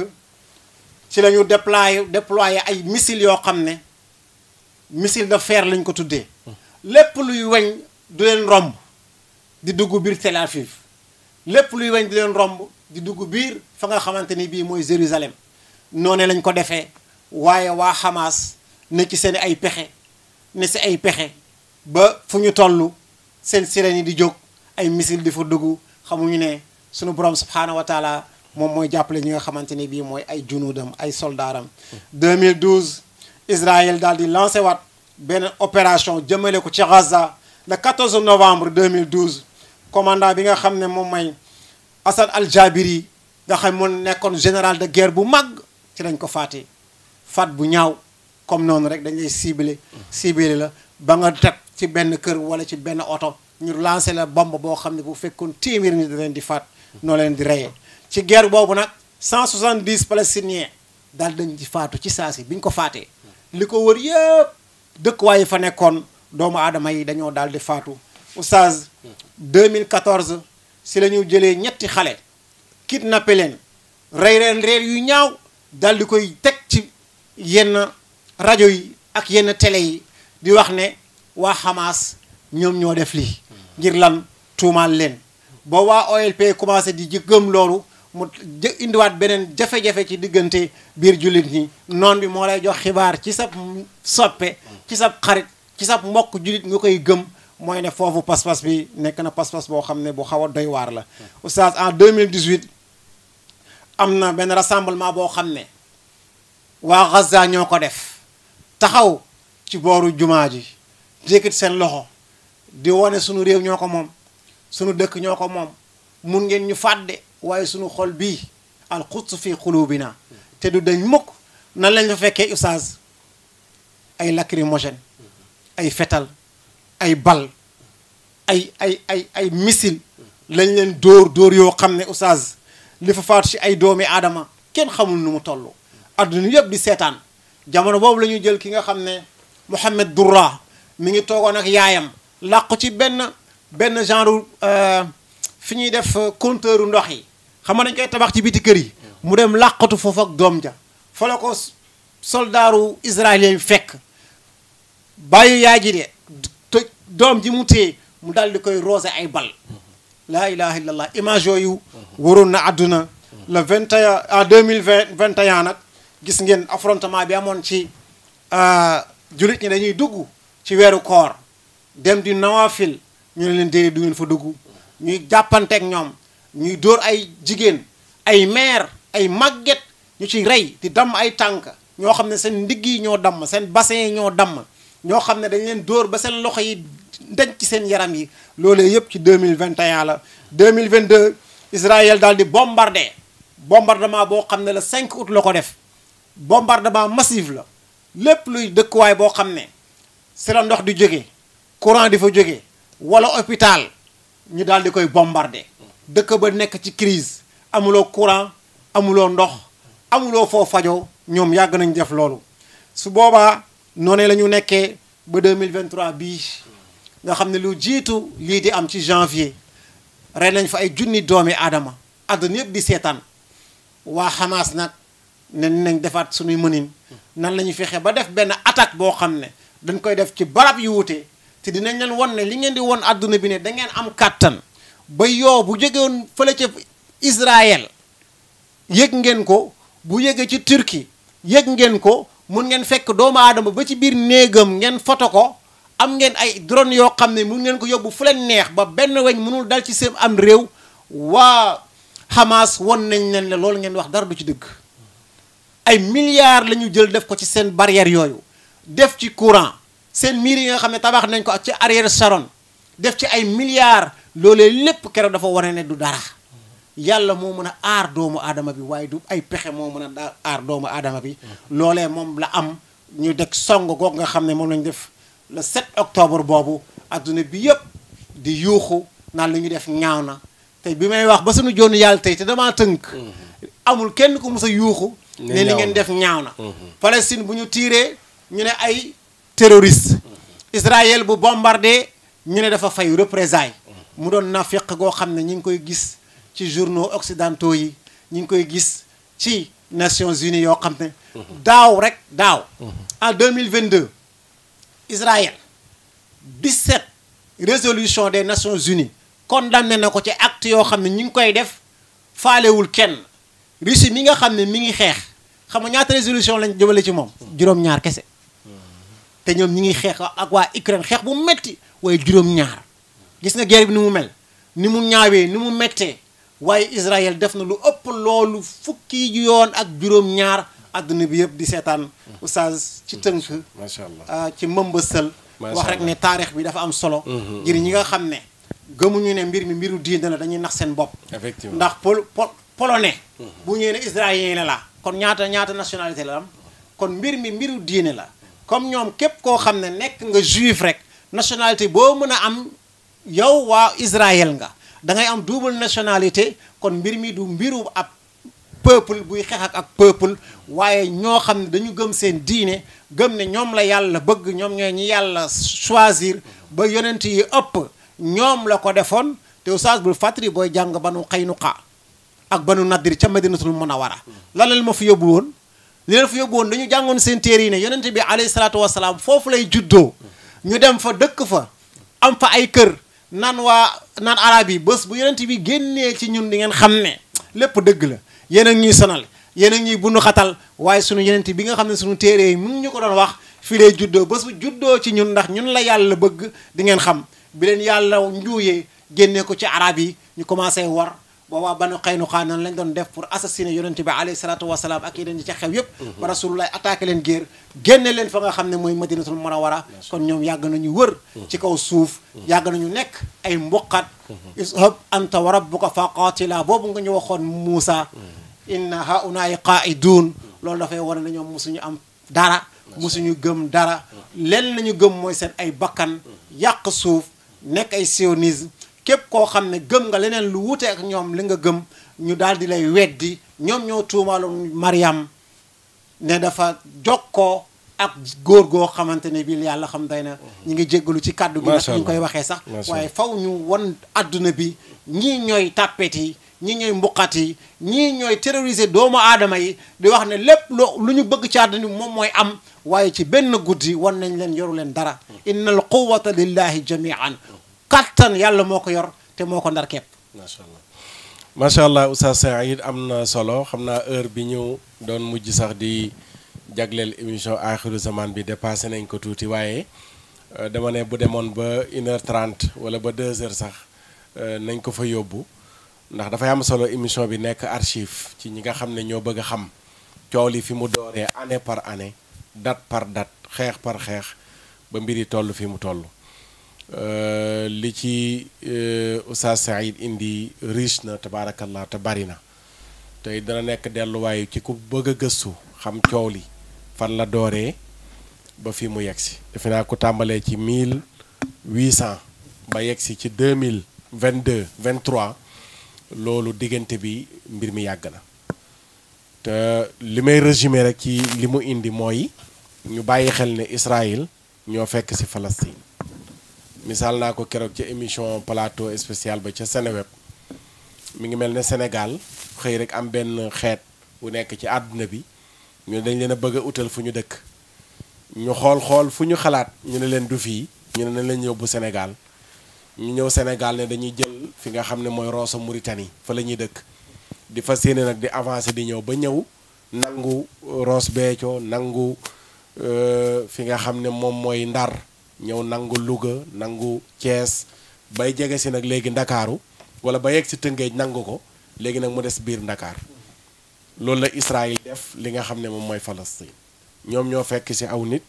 ci lañu ñu déployé ay missiles yoo xam ne missile de fer lañ ko tuddee lépp luy weñ du leen romb di dugg biir Tel Aviv lépp luy weñ du leen romb di dugg biir fa nga xamante ni bii mooy Jérusalem noone lañ ko defee waaye waa Hamas ne ci seen ay pexe ne si ay pexe ba fu ñu toll seen sirènes yi di jóg ay missile di fa dugg xamuñu ne sunu borom subhaanahu moom mooy jàppale ñi nga xamante ni bii mooy ay junudam ay soldaaram 2012 hmm. Israël daal di lancé waat benn opération jëmale ko ci Gaza le 14 novembre 2012 commandant bi nga xam ne moom mooy Assad Al Jabiri nga xam moo nekkoon général de guerre bu mag ci lañ ko faatee faat bu ñaaw comme noonu rek dañ lay ciblé ciblé la ba nga teg ci benn kër wala ci benn oto ñu lancé la bomb boo xam ne bu fekkoon téeméer ni da leen di faat noo leen di reyee ci guerre boobu nag cent soixante 170 palestiniens daal dañ di faatu ci saa si biñ ko faatee dëkkuwaay yi fa nekkoon doomu aadama yi dañoo daal di faatu oustaz 2014 si la jëlee ñetti xale kidnappé leen rey leen yu ñaaw daldi koy teg ci yenn rajo yi ak yenn tele yi di wax ne waa xamaas ñoom ñoo def lii ngir lan tuumaal leen ba waa OLP commencé di gëm loolu mu indiwaat beneen jafe-jafe ci diggante biir jullit ñi noon bi moo lay jox xibaar ci sab soppe ci sab xarit ci sab mbokk jullit nga koy gëm mooy ne foofu pas-pas bi nekk na pas-pas boo xam ne bu xaw a doy waar la oustaz en 2018 am na benn rassemblement boo xam ne waa ñoo ko def taxaw ci booru jumaa ji yëkkati seen loxo di wone sunu réew ñoo ko moom sunu dëkk ñoo ko moom mun ngeen ñu fàdde waaye sunu xol bii al quds fi qulubina te du dañ mukk nan lañ fa fekkee ustaas ay lacrymogène ay fetal ay bal ay ay ay ay missile lañ leen dóor door yoo xam ne ustaas li fa faat ci ay doomi aadama kenn xamul nu mu toll adduna yëpp di seetaan jamono boobu la ñuy jël ki nga xam ne Mohamed Dourra mi ngi toogoon ak yaayam lakku ci benn benn genre euh, fi ñuy def compteur ndox yi xam nga dañ koy tabax ci biti kër yi mu dem làqatu foofu ak doom ja fa la ko soldaaru israélien fekk bàyyi yaay ji de doom ji mu téye mu daal di koy rose ay bal laa ilaha illallah image yooyu waroon na àdduna le vingt et un en mille vingt vingt et nag gis ngeen affrontement bi amoon ci euh, jullit ñi dañuy dugg ci weeru koor dem di nawafil ñu ne leen déedéet du ngeen fa dugg ñuy jàppanteeg ñoom ñuy dóor ay jigéen ay meer ay màgget ñu ci rey di damm ay tànk ñoo xam ne seen ndigg yi ñoo damm seen bassin yi ñoo damm ñoo xam ne dañ leen dóor ba seen loxo yi dañ ci seen yaram yi loolee yëpp ci mille vingt 2021 la deux mille vingt deux Israël daal di bombarde bombardement boo xam ne la cinq août la ko def bombardement massif la lépp luy dëkkuwaay boo xam ne si la ndox di jóge courant di fa jóge wala hôpital ñu daal di koy bombarde dëkk ba nekk ci crise amuloo courant amuloo ndox amuloo foo fajoo ñoom yàgg nañ def loolu su boobaa noonee la ñu nekkee ba mille 2023 bii nga xam ne lu jiitu lii di am ci janvier rey nañ fa ay junni doomi aadama àdduna yëpp di seetaan waa Hamas nag ne nañ defaat suñuy mënin nan la ñu fexe ba def benn attaque boo xam ne dañ koy def ci barab yu wute te dinañ leen won ne li ngeen di won àdduna bi ne da ngeen am kàttan ba yoo bu jógewoon fële ca Israël yëg ngeen ko bu yëgee ci turki yëg ngeen ko mun ngeen fekk doomu aadama ba ci biir néegam ngeen foto ko am ngeen ay drone yoo xam ne mun ngeen ko yóbbu fu leen neex ba benn weñ mënul dal ci seen am réew waa Hamas won nañ leen ne lool ngeen wax dara du ci dëgg ay milliards lañu jël def ko ci seen barrière yooyu def ci courant seen miir yi nga xam ne tabax nañ ko ak ci arrière Sharon def ci ay milliards loolee lépp keroog dafa wane ne du dara yàlla moo mën a aar doomu aadama bi waaye du ay pexe moo mën a aar doomu aadama bi loolee moom la am ñu deg song goog nga xam ne moom lañ def le 7 octobre boobu adduna bi yëpp di yuuxu naan lu ñu def ñaaw na te bi may wax ba suñu joonu yàlla tey te damaa tënk amul kenn ku mës a yuuxu ne li ngeen def ñaaw na mhm. Palestine bu ñu tiiree ñu ne ay terroriste mhm. Israël bu bombardé ñu ne dafa fay représailles mu doon nafiq goo xam ne ñi ngi koy gis ci journaux occidentaux yi ñi ngi koy gis ci Nations Unies yoo xam ne daaw rek daaw mhm. en 2022 Israël 17 résolution des Nations Unies condamné na ko ci acte yoo xam ne ñi ngi koy def faalewul kenn Russie mi nga xam ne mi ngi xeex xam nga ñaata résolution lañ jëmale ci moom juróom-ñaar kese mhm. te ñoom ñi ngi xeex waa Ukraine xeex bu metti waaye juróom-ñaar gis nga guerre bi ni mu mel ni mu ñaawee ni mu mettee waaye Israël def na lu ëpp loolu fukki yoon ak juróom-ñaar àdduna bi yëpp di seetaan oustaz ci tënk macha allah ah, ci mëmbësal wax rek ne taarix bi dafa am solo mhm. ngir ñi nga xam ne gëmuñu ne mbir mi mbiru diine la dañuy nax seen bopp effectivement ndax pol polonais mhm. bu ñëwee ne israélien la kon ñaata ñaata nationalité la am kon mbir mi mbiru diine la comme ñoom képp koo xam ne nekk nga juif rek nationalité boo mën a am yow waa Israël nga da am double nationalité kon mbir mi du mbiru ab peuple buy xeex ak ak peuple waaye ñoo xam ne dañu gëm seen diine gëm ne ñoom la yàlla bëgg ñoom ñooy ñi yàlla choisir ba yonent yi ëpp ñoom la ko defoon te oustaz bul fàttali booy jàng banu xaynuqa ak banu nadir ca madinatul a lan la ma fi yóbbu woon li leen fi yóbbu woon dañu jàngoon seen téere yi ne yonent bi alayhi salaatu foofu lay juddoo ñu dem fa dëkk fa am fa ay kër nan waa naan arab yi bés bu yonent bi génnee ci ñun di ngeen xam ne lépp dëgg la yéen a ñuy sonal yéen a ngi ñuy bundu xatal waaye sunu yonent bi nga xam ne sunu téere yi mun ñu ko doon wax fii lay juddoo bës bu juddoo ci ñun ndax ñun la yàlla bëgg di ngeen xam bi leen yàlla njuuyee génnee ko ci araab yi ñu commencé war boobaa banu xaynuxaa nan lañ doon def pour assassiner yonente bi alayhi salaatu wasalaam ak yeneen ñi ca xew yëpp mhm. ba rasulullah attaqué leen géer génne leen fa nga xam ne mooy madinatul munawara kon ñoom yàgg nañu wër mhm. ci kaw suuf mhm. yàgg nañu nekk ay mbuqat ishab anta wa rabbuka fa qaatila boobu nga ñu waxoon Muusa inna haunaayi qaaiduun loolu dafay wane na ñoom musuñu am dara musuñu gëm dara leen lañu gëm mooy seen ay bakkan yàq suuf nekk ay sionisme lépp koo xam ne gëm nga leneen lu wuute ak ñoom li nga gëm ñu daal di lay weddi ñoom ñoo tuumaaloon Mariam ne dafa jokkoo ak góor goo xamante ne bii yàlla xam day na ñu ngi jéggalu ci kàddu gi nag ñu koy waxee sax waaye faw ñu won àdduna bi ñii ñooy tàppet yi ñii ñooy mbuqat yi ñii ñooy terroriser doomu aadama yi di wax ne lépp lu ñu bëgg ci àdduna bi moom mooy am waaye ci benn guddi wan nañ leen yoru leen dara hmm. inna al quwata lillahi jamian kattan yàlla moo ko yor te moo ko ndar képp. macha allah macha allah Oustaz am na solo xam naa heure bi ñu doon mujj sax di jagleel émission axiru zaman bi dépassé nañ ko tuuti waaye euh, dama ne bu demoon ba une heure trente wala ba heure heures sax euh, nañ ko fa yóbbu ndax dafay am solo émission bi nekk archive ci ñi nga xam ne ñoo bëgg a xam coow li fi mu dooree année par année date par dat xeex par xeex ba mbir yi toll fi mu toll. Euh, li ci euh, Oustaz Saïd indi riche na tabaarakallah te bari na tey dana nekk delluwaayu ci ku bëgg a gëstu xam coow li fan la dooree ba fi mu yegsi defe naa ko tàmbalee ci 1800 ba yegsi ci 2022 23 loolu diggante bi mbir mi yàgg na te li may résumer rek ci li mu indi mooy ñu bàyyi xel ne Israël ñoo fekk ci Palestine misaal naa ko keroog ca émission plateau spécial ba ca Seneweb mi ngi mel ne Sénégal xëy rek am benn xeet bu nekk ci àdduna bi ñu dañ leen a bëgg a utal fu ñu dëkk ñu xool xool fu ñu xalaat ñu ne leen du fii ñu ne leen yóbbu senegal ñu ñëw Sénégal ne dañuy jël fi nga xam ne mooy Rosso Mauritanie fa la ñuy dëkk di fa yéene nag di avancer di ñëw ba ñëw nangu Ross Béthio nangu euh, fi nga xam ne moom mooy Ndar ñëw nangu Louga nangu Thiès bay jege si nag léegi ndakaaru wala ba yegg si tëngéej nangu ko léegi nag mu des biir ndakaar loolu la Israël def li nga xam ne moom mooy Palestine ñoom ñoo fekk si aw nit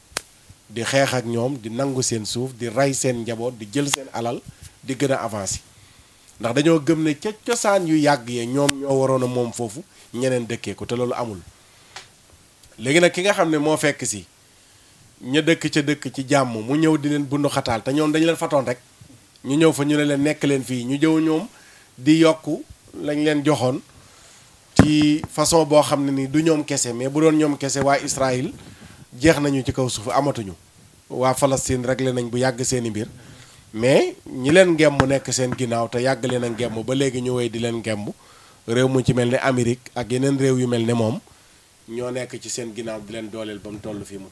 di xeex ak ñoom di nangu seen suuf di rey seen njaboot di jël seen alal di gën a avancé ndax dañoo gëm ne ca cosaan yu yàgg yee ñoom ñoo waroon a moom foofu ñeneen dëkkee ko te loolu amul léegi nag ki nga xam ne moo fekk si ña dëkk ca dëkk ci jàmm mu ñëw di leen bundu xataal te ñoom dañu leen fatoon rek ñu ñëw fa ñu ne leen nekk leen fii ñu jëw ñoom di yokk lañ leen joxoon ci façon boo xam ne ni du ñoom kese mais bu doon ñoom kese waa Israël jeex nañu ci kaw suuf amatuñu waa Palestine réglé nañ bu yàgg seen i mbir mais ñi leen ngemm nekk seen ginnaaw te yàgg leen a ngemm ba léegi ñu wéy di leen ngemm réew mu ci mel ni Amérique ak yeneen réew yu mel ni moom ñoo nekk ci seen ginnaaw di leen dooleel ba toll fii mu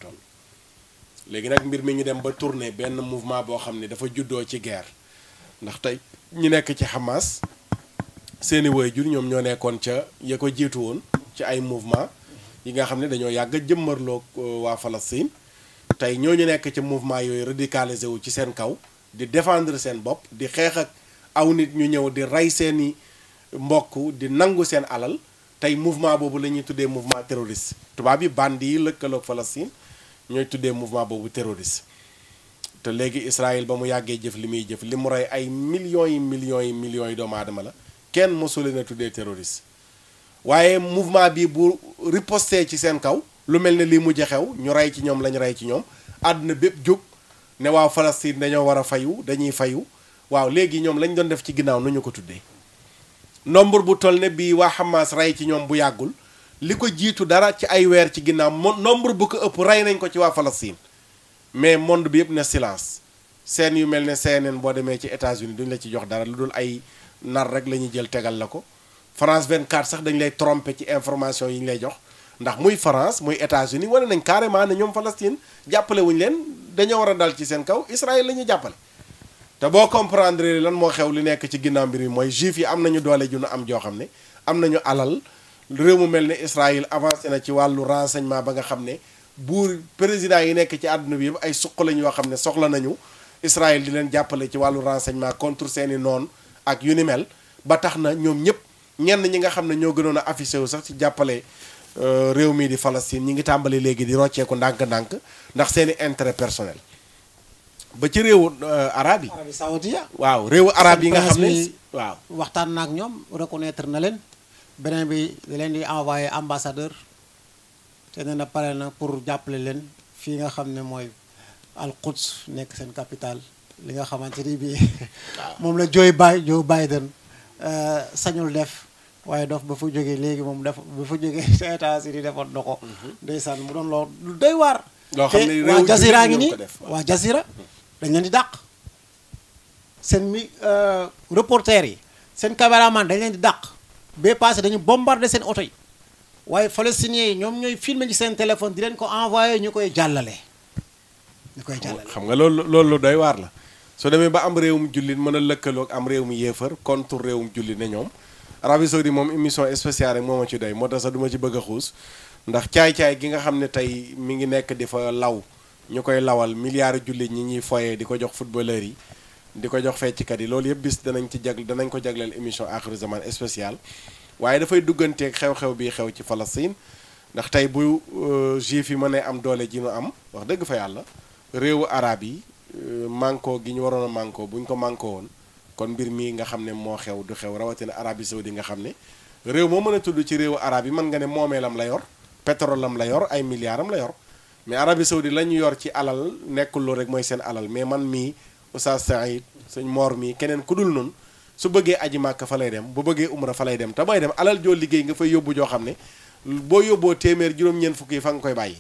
léegi nag mbir mi ñu dem ba tourner benn mouvement boo xam ne dafa juddoo ci guerre ndax tey ñu nekk ci Hamas seeni waajur ñoom ñoo nekkoon ca ya ko jiitu woon ci ay mouvement yi nga xam ne dañoo yàgg a jëmmarloo euh, waa Palestine tey ñoo ñu nekk ci mouvement yooyu radicalisé wu ci seen kaw di défendre seen bopp di xeex ak aw nit ñu ñëw di rey seeni mbokk di nangu seen alal tey mouvement boobu la ñuy tuddee mouvement terroriste tubaab yi bandi yi lëkkaloog Palestine ñooy tuddee mouvement boobu terroriste te léegi Israël ba mu yàggee jëf li muy jëf li mu rey ay millions yi millions yi millions yi doomu aadama la kenn mosulee na tuddee terroriste waaye mouvement bi bu riposté ci seen kaw lu mel ni lii mujj xew ñu rey ci ñoom la ñu rey ci ñoom àdduna bépp jóg ne waaw Palestine dañoo war a fayu dañuy fayu waaw léegi ñoom lañ doon def ci ginnaaw nu ñu ko tuddee nombre bu toll ne bii waa Hamas rey ci ñoom bu yàggul li ko jiitu dara ci ay weer ci ginnaaw mo nombre bu ko ëpp rey nañ ko ci waa Palestine mais monde bi yëpp ne silence seen yu mel ne CNN boo demee ci États-Unis duñ la ci jox dara lu dul ay nar rek la ñuy jël tegal la ko France vingt 24 sax dañ lay tromper ci information yi ñu lay jox ndax muy France muy États-Unis wane nañ carrément ne ñoom Palestine jàppale wuñ leen dañoo war a dal ci seen kaw Israël la ñuy jàppale. te boo comprendre lan moo xew li nekk ci ginnaaw mbir mi mooy juif yi am nañu doole ju am joo xam ne am nañu alal. réew mu mel ne Israël avancé na ci wàllu renseignement ba nga xam ne buur président yi nekk ci àdduna bi ay suq lañ yoo xam ne soxla nañu Israël di leen jàppale ci wàllu renseignement contre seeni noon ak yu ni mel ba tax na ñoom ñëpp ñenn ñi nga xam ne ñoo gënoon a affiché wu sax ci jàppale euh, réew mii di Palestine ñi ngi tàmbali léegi di rocceeku ndànk-ndànk ndax seeni intérêt personnel ba ci réewu euh, arab yi. arab saoudia waaw réewu arab yi nga xam ne waaw. waxtaan na ak ñoom reconnaître na leen. beneen bi da leen di envoyé ambassadeur te nee na pare na pour jàppale leen fii nga xam ne mooy al Quds nekk seen capital li nga xamante ni bii moom la Joe Biden Joe Biden euh, sañul def waaye dof ba fa jógee léegi moom def ba fa jógee ca États-Unis defoon na ko mhm. ndeysaan mu doon loolu day waar te waa jasira ngi nii waa jasira dañ leen di dàq seen mi euh, reporter yi seen caméraman dañ leen di dàq bee passé dañu bombardé seen oto yi waaye palestiniens yi ñoom ñooy filmé ci seen téléphone di leen ko envoyé ñu koy jàllale ñu koy xam nga loolu loolu doy waar la soo demee ba am réewum jullit mën a lëkkaloo ak am réewum yéefar contre réewum jullit ne ñoom Arabie Saoudite moom émission spéciale rek moo ma ci doy moo tax sax duma ci bëgg a xuus ndax caay-caay gi nga xam ne tey mi ngi nekk di fa law ñu koy lawal milliards jullit ñi ñuy foyee di ko jox footballeur yi di ko jox fecckat yi loolu yëpp bis danañ ci jagle danañ ko jagleel émission Axiru Zaman spécial waaye dafay dugganteeg xew-xew bii xew ci Palestine ndax tey bu euh, juif yi mënee am doole ji nu am wax dëgg fa yàlla réewu arab yi euh, manko gi ñu waroon a manko bu ñu ko manko woon kon mbir mii nga xam ne moo xew du xew rawatina Arabie Saoudi nga xam ne réew moo mën a tudd ci réewu arab yi mën nga ne moomeelam la yor pétrole am la yor ay milliards am la yor mais Arabie Saoudi la ñu yor ci alal nekkul rek mooy seen alal mais man mii Oustaz Saïd sëñ moor mi keneen ku dul noonu su bëggee aji màkk fa lay dem bu bëggee umra fa lay dem te booy dem alal joo liggéey nga fay yóbbu joo xam ne boo yóbboo téeméer juróom-ñeent fukk yi fa nga koy bàyyi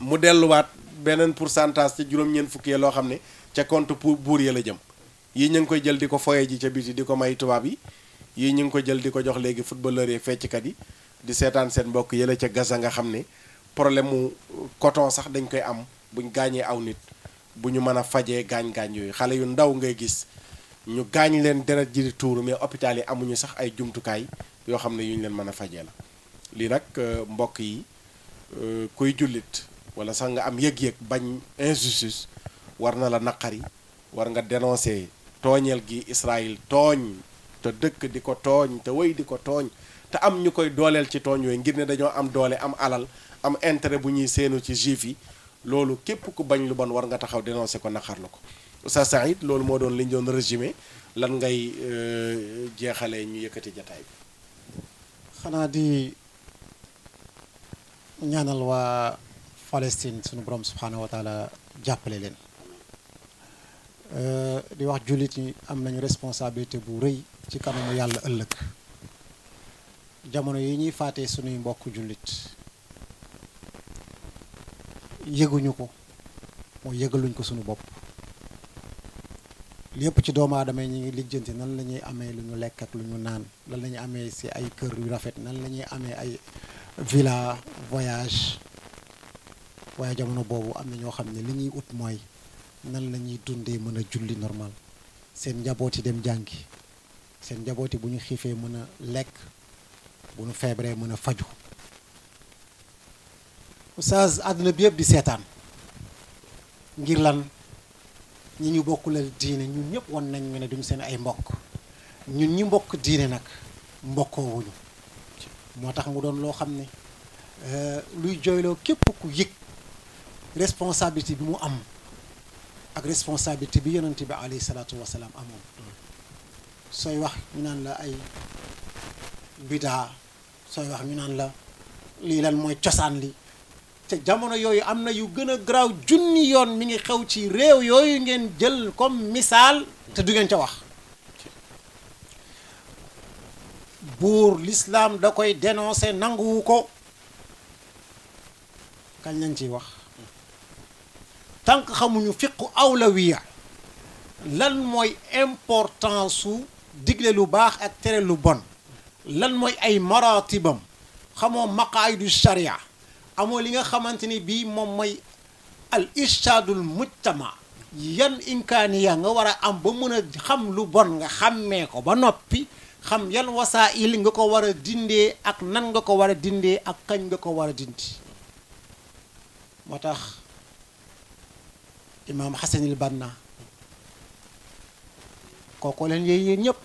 mu delluwaat beneen pourcentage ci juróom-ñeent fukki yi loo xam ne ca compte pour buur ya la jëm yii ñu ngi koy jël di ko foye ji ca biti di ko may tubaab yi yii ñu ngi ko jël di ko jox léegi footballeur yi fecckat yi di seetaan seen mbokk yële ca Gaza nga xam ne problème mu coton sax dañ koy am buñ gaañee aw nit bu ñu mën a fajee gaañ-gaañ yooyu xale yu ndaw ngay gis ñu gaañ leen deret ji di tuuru mais hôpital yi amuñu sax ay jumtukaay yoo xam ne yu ñu leen mën a fajee la lii nag euh, mbokk yi euh, kuy jullit wala sax nga am yëg-yëg bañ injustice war na la naqari war nga dénoncer tooñeel gi Israël tooñ te dëkk di ko tooñ te wéy di ko tooñ te am ñu koy dooleel ci tooñ yooyu ngir ne dañoo am doole am alal am intérêt bu ñuy seenu ci juif yi loolu képp ku bañ lu bon war nga taxaw dénoncé ko naqarlu ko Oustaz Saïd loolu moo doon li ñu doon résumé lan ngay euh, jeexale ñu yëkkati jataay bi xanaa di ñaanal waa Palestine sunu borom subhanahu wa jàppale leen euh, di wax jullit yi am nañu responsabilité bu rëy ci kanamu yàlla ëllëg jamono yi ñuy faatee sunuy mbokk jullit yëguñu ko mooy yëgaluñ ko sunu bopp lépp ci doomu aadama yi ñu ngi lijjanti nan lañuy amee lu ñu lekk ak lu ñu naan lan lañuy amee si ay kër yu rafet nan la ñuy amee ay villa voyage waaye jamono boobu am na ñoo xam ne li ñuy ut mooy nan la ñuy dundee mën a julli normal seen njaboot yi dem jàngi seen njaboot yi bu ñu xiifee mën a lekk bu ñu feebaree mën a faju oustaz àdduna bi yëpp di seetaan ngir lan ñi ñu bokkulal diine ñu ñëpp wan nañ ñu ne duñ seen ay mbokk ñun ñi mbokk diine nag mbokkoowuñu moo tax mu doon loo xam ne euh, luy jooyloo képp ku yëg responsabilité bi mu am ak responsabilité bi yonent bi alayhi salaatu wasalaam amoon sooy wax ñu naan la ay bidaa sooy wax ñu naan la lii lan mooy cosaan li jamono yooyu am na yu gën a garaaw junni yoon mi ngi xew ci réew yooyu ngeen jël comme misaal te du ngeen ca wax buur lislaam da koy dénoncé nanguwu ko kañ lañ ciy wax tànk xamuñu fiqu awlawiya lan mooy importance su digle lu baax ak tere lu bon lan mooy ay maratibam xamoo maqaayidu sharia amoo li nga xamante ni bii moom mooy al irshadul mujtama yan inkaaniya nga war a am ba mën a xam lu bon nga xàmmee ko ba noppi xam yan wasaa'il nga ko war a dindee ak nan nga ko war a dindee ak kañ nga ko war a dindi moo tax imaam xasanil banna kooku leen yéen yéen ñëpp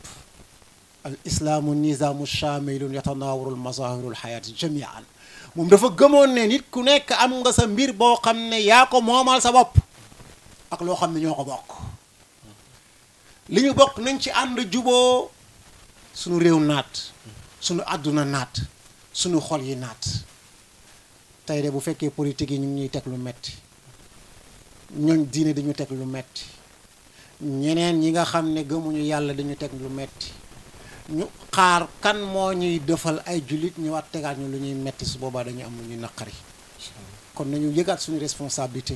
al islaamu nizaamu shaamilun yatanaawaru al mazaahirul xayaati jamian moom dafa gëmoon ne nit ku nekk am nga sa mbir boo xam ne yaa ko moomal sa bopp ak loo xam ne ñoo ko bokk li ñu bokk nañ ci ànd juboo suñu réew naat suñu àdduna naat suñu xol yi naat tey de bu fekkee politique yi ñu ngi ñuy teg lu metti ñooñ diine dañu teg lu metti ñeneen ñi nga xam ne gëmuñu yàlla dañu teg lu metti ñu xaar kan moo ñuy defal ay jullit ñëwaat tegaat ñu lu ñuy metti su boobaa dañu am lu ñuy naqari kon nañu yëgaat suñu responsabilité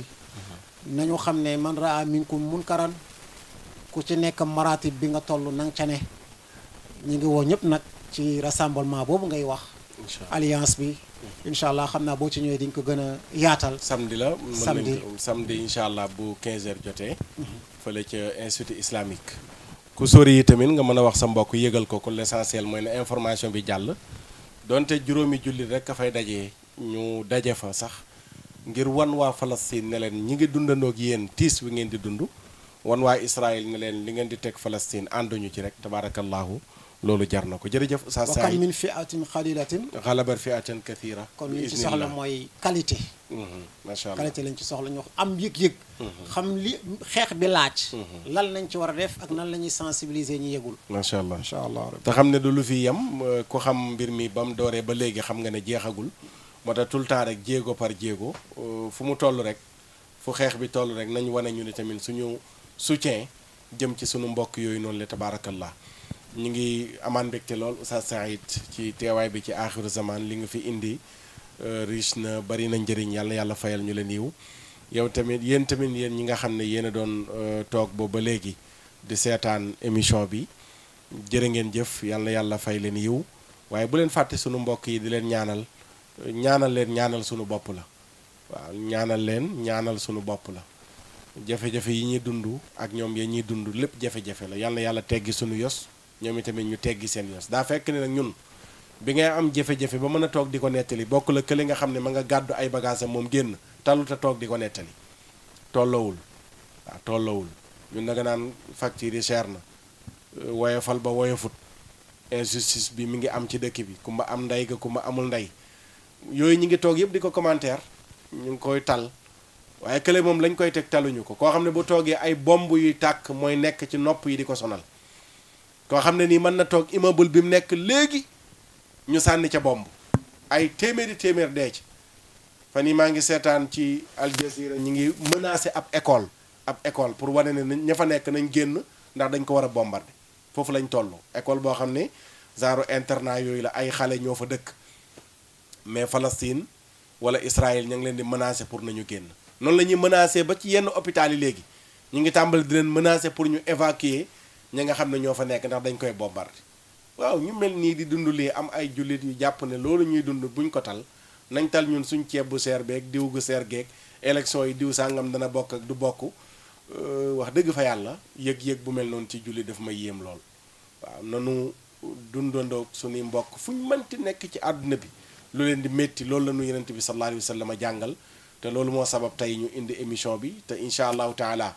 nañu xam ne man raa minkum munkaran ku ci nekk maratib bi nga toll nang ca ne ñu ngi woo ñëpp nag ci rassemblement boobu ngay wax alliance bi incha allah xam naa boo ci ñëwee di nga ko gën a yaatal samedi la samedi samedi incha allah bu quinze heures jotee mhm. fële ca institut islamique ku sori yi tamit nga mën a wax sa mbokk yëgal ko ko l'essentiel mooy ne information bi jàll donte juróomi jullit rek a fay daje ñu daje fa sax ngir wan waa Palestine ne leen ñi ngi dundandoog yéen tiis wi ngeen di dund wan waa Israël ne leen li ngeen di teg Palestine ànduñu ci rek tabaarakallaahu loolu jar na ko jërëjëf Oustaz Saïd wa kam fi fi'atin xalilatin xalabat fi'atan kathira kon li ci soxla mooy qualité mm-hmm. macha allah qualité lañ ci soxla ñu am yëg-yëg mm-hmm. xam li xeex bi laaj mm-hmm. lan lañ ci war a def ak nan la ñuy sensibiliser ñu yëgul macha allah macha allah te xam ne du lu fi yem euh, ku xam mbir mi ba mu dooree ba léegi xam nga ne jeexagul moo tax tout temps rek jéego par jéego euh, fu mu toll rek fu xeex bi toll rek nañ wane ñu ni tamit suñu soutien jëm ci sunu mbokk yooyu noonu la tabaarakallah ñu ngi amaan mbégte lool Oustaz Saïd ci teewaay bi ci aaxiru zaman li nga fi indi euh, riche na bari na njëriñ yàlla yàlla fayal ñu leen yiw yow tamit yéen tamit yéen ñi nga xam ne yéen a doon euh, toog boobu ba léegi di seetaan émission bi jërë ngeen jëf yàlla yàlla fay leen yiw waaye bu leen fàtte sunu mbokk yi di leen ñaanal ñaanal leen ñaanal sunu bopp la waaw ñaanal leen ñaanal sunu bopp la jafe-jafe yi ñuy dund ak ñoom ya ñuy dund lépp jafe-jafe la yàlla yàlla teggi sunu yos ñoom itamit ñu teggi seen yos daa fekk ne nag ñun bi ngay am jafe-jafe ba mën a toog di ko nettali bokk la kële nga xam ne ma nga gàddu ay bagages moom génn talut a toog di ko nettali tollowul waaw tollowul ñun nag naan facture yi cher na euh, woyofal ba woyofut injustice bi mi ngi am ci dëkk bi kumba am ndey ga kumba amul ndey yooyu ñu ngi toog yëpp di ko commentaire ñu ngi koy tal waaye kële moom lañ koy teg taluñu ko koo xam ne bu toogee ay bomb yuy tàkk mooy nekk ci nopp yi di ko sonal koo xam ne nii mën na toog immeuble bi mu nekk léegi ñu sànni ca bomb ay téeméeri téeméer dee ci fan yi maa ngi seetaan ci Al Jazeera ñu ngi menacé ab école ab école pour wane ne ña fa nekk nañ génn ndax dañ ko war a bombardé foofu lañ toll école boo xam ne genre internat yooyu la ay xale ñoo fa dëkk mais Palestine wala Israël ña ngi leen di menacé pour nañu génn noonu la ñuy menacé ba ci yenn hôpital yi léegi ñu ngi tàmbali di leen menacé pour ñu évacuer ñi nga xam ne ñoo fa nekk ndax dañ koy bombardé waaw ñu mel nii di dund lii am ay jullit yu jàpp ne loolu ñuy dund buñ ko tal nañ tal ñun suñ ceeb bu seer beeg diw gu seer geeg élection yi diw sàngam dana bokk ak du bokk euh, wax dëgg fa yàlla yëg-yëg bu mel noonu ci jullit dafa ma yéem lool waaw nanu su suñuy mbokk fu ñu mënti nekk ci àdduna bi lu leen di métti loolu la ñu yenent bi sallallahu alayhi wa sallam jàngal te loolu moo sabab tey ñu indi émission bi te incha allahu taala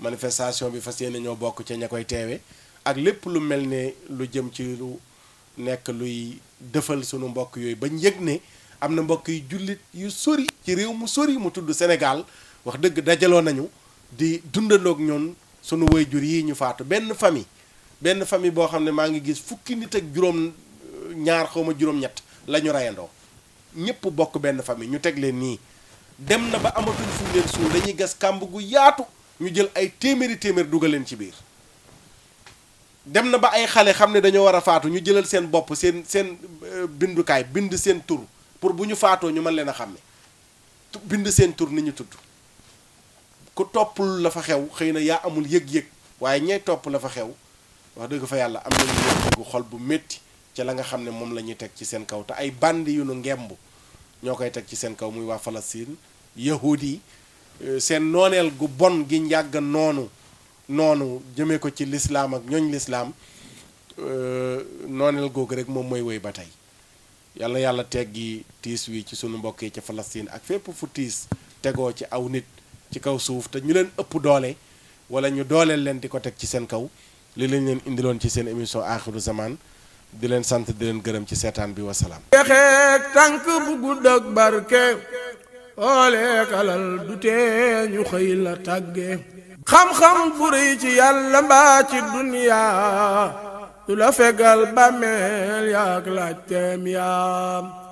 manifestation bi fas yéene ñoo bokk ca ña koy teewe ak lépp lu mel ne lu jëm ci lu nekk luy dëfal sunu mbokk yooyu bañ yëg ne am na mbokk yu jullit yu sori ci réew mu sori mu tudd Sénégal wax dëgg dajaloo nañu di dundandoog ñoon sunu jur yi ñu faatu benn famille benn famille boo xam ne maa ngi gis fukki nit ak juróom ñaar xaw ma juróom-ñett la ñu rayandoo ñëpp bokk benn famille ñu teg leen nii dem na ba amatuñ fu leen dañuy gas kàmb gu yaatu ñu jël ay téeméeri téeméer dugal leen ci biir dem na ba ay xale xam ne dañoo war a faatu ñu jëlal seen bopp seen seen euh, bindukaay bind seen tur pour bu ñu faatoo ñu mën leen a xàmme bind seen tur ni ñu tudd ku toppul la fa xew xëy na yaa amul yëg-yëg waaye ñay topp la fa xew wax dëgg fa yàlla am nañu yëg-yëgu xol bu métti ci la nga xam ne moom la teg ci seen kaw te ay bandi yu nu ngemb ñoo koy teg ci seen kaw muy waa Palestine yahudi yi Euh, seen nooneel gu bon gi njàgg noonu noonu jëmee ko ci lislaam ak ñooñ lislaam euh, nooneel googu rek moom mooy woy ba tey yàlla yàlla teggi tiis wi ci sunu mbokk yi ci Palestine ak fépp fu tiis tegoo ci aw nit ci kaw suuf te ñu leen ëpp doole wala ñu dooleel leen di ko teg ci seen kaw li lañ leen indiloon ci seen émission aaxiru zaman di leen sant di leen gërëm ci seetaan bi wasalaam. ooleekalal du tee ñu xëy la tàgge xam-xam bu rëy ci yàlla duniyaa du la fegal bàmmeel yaak laaj teem yaam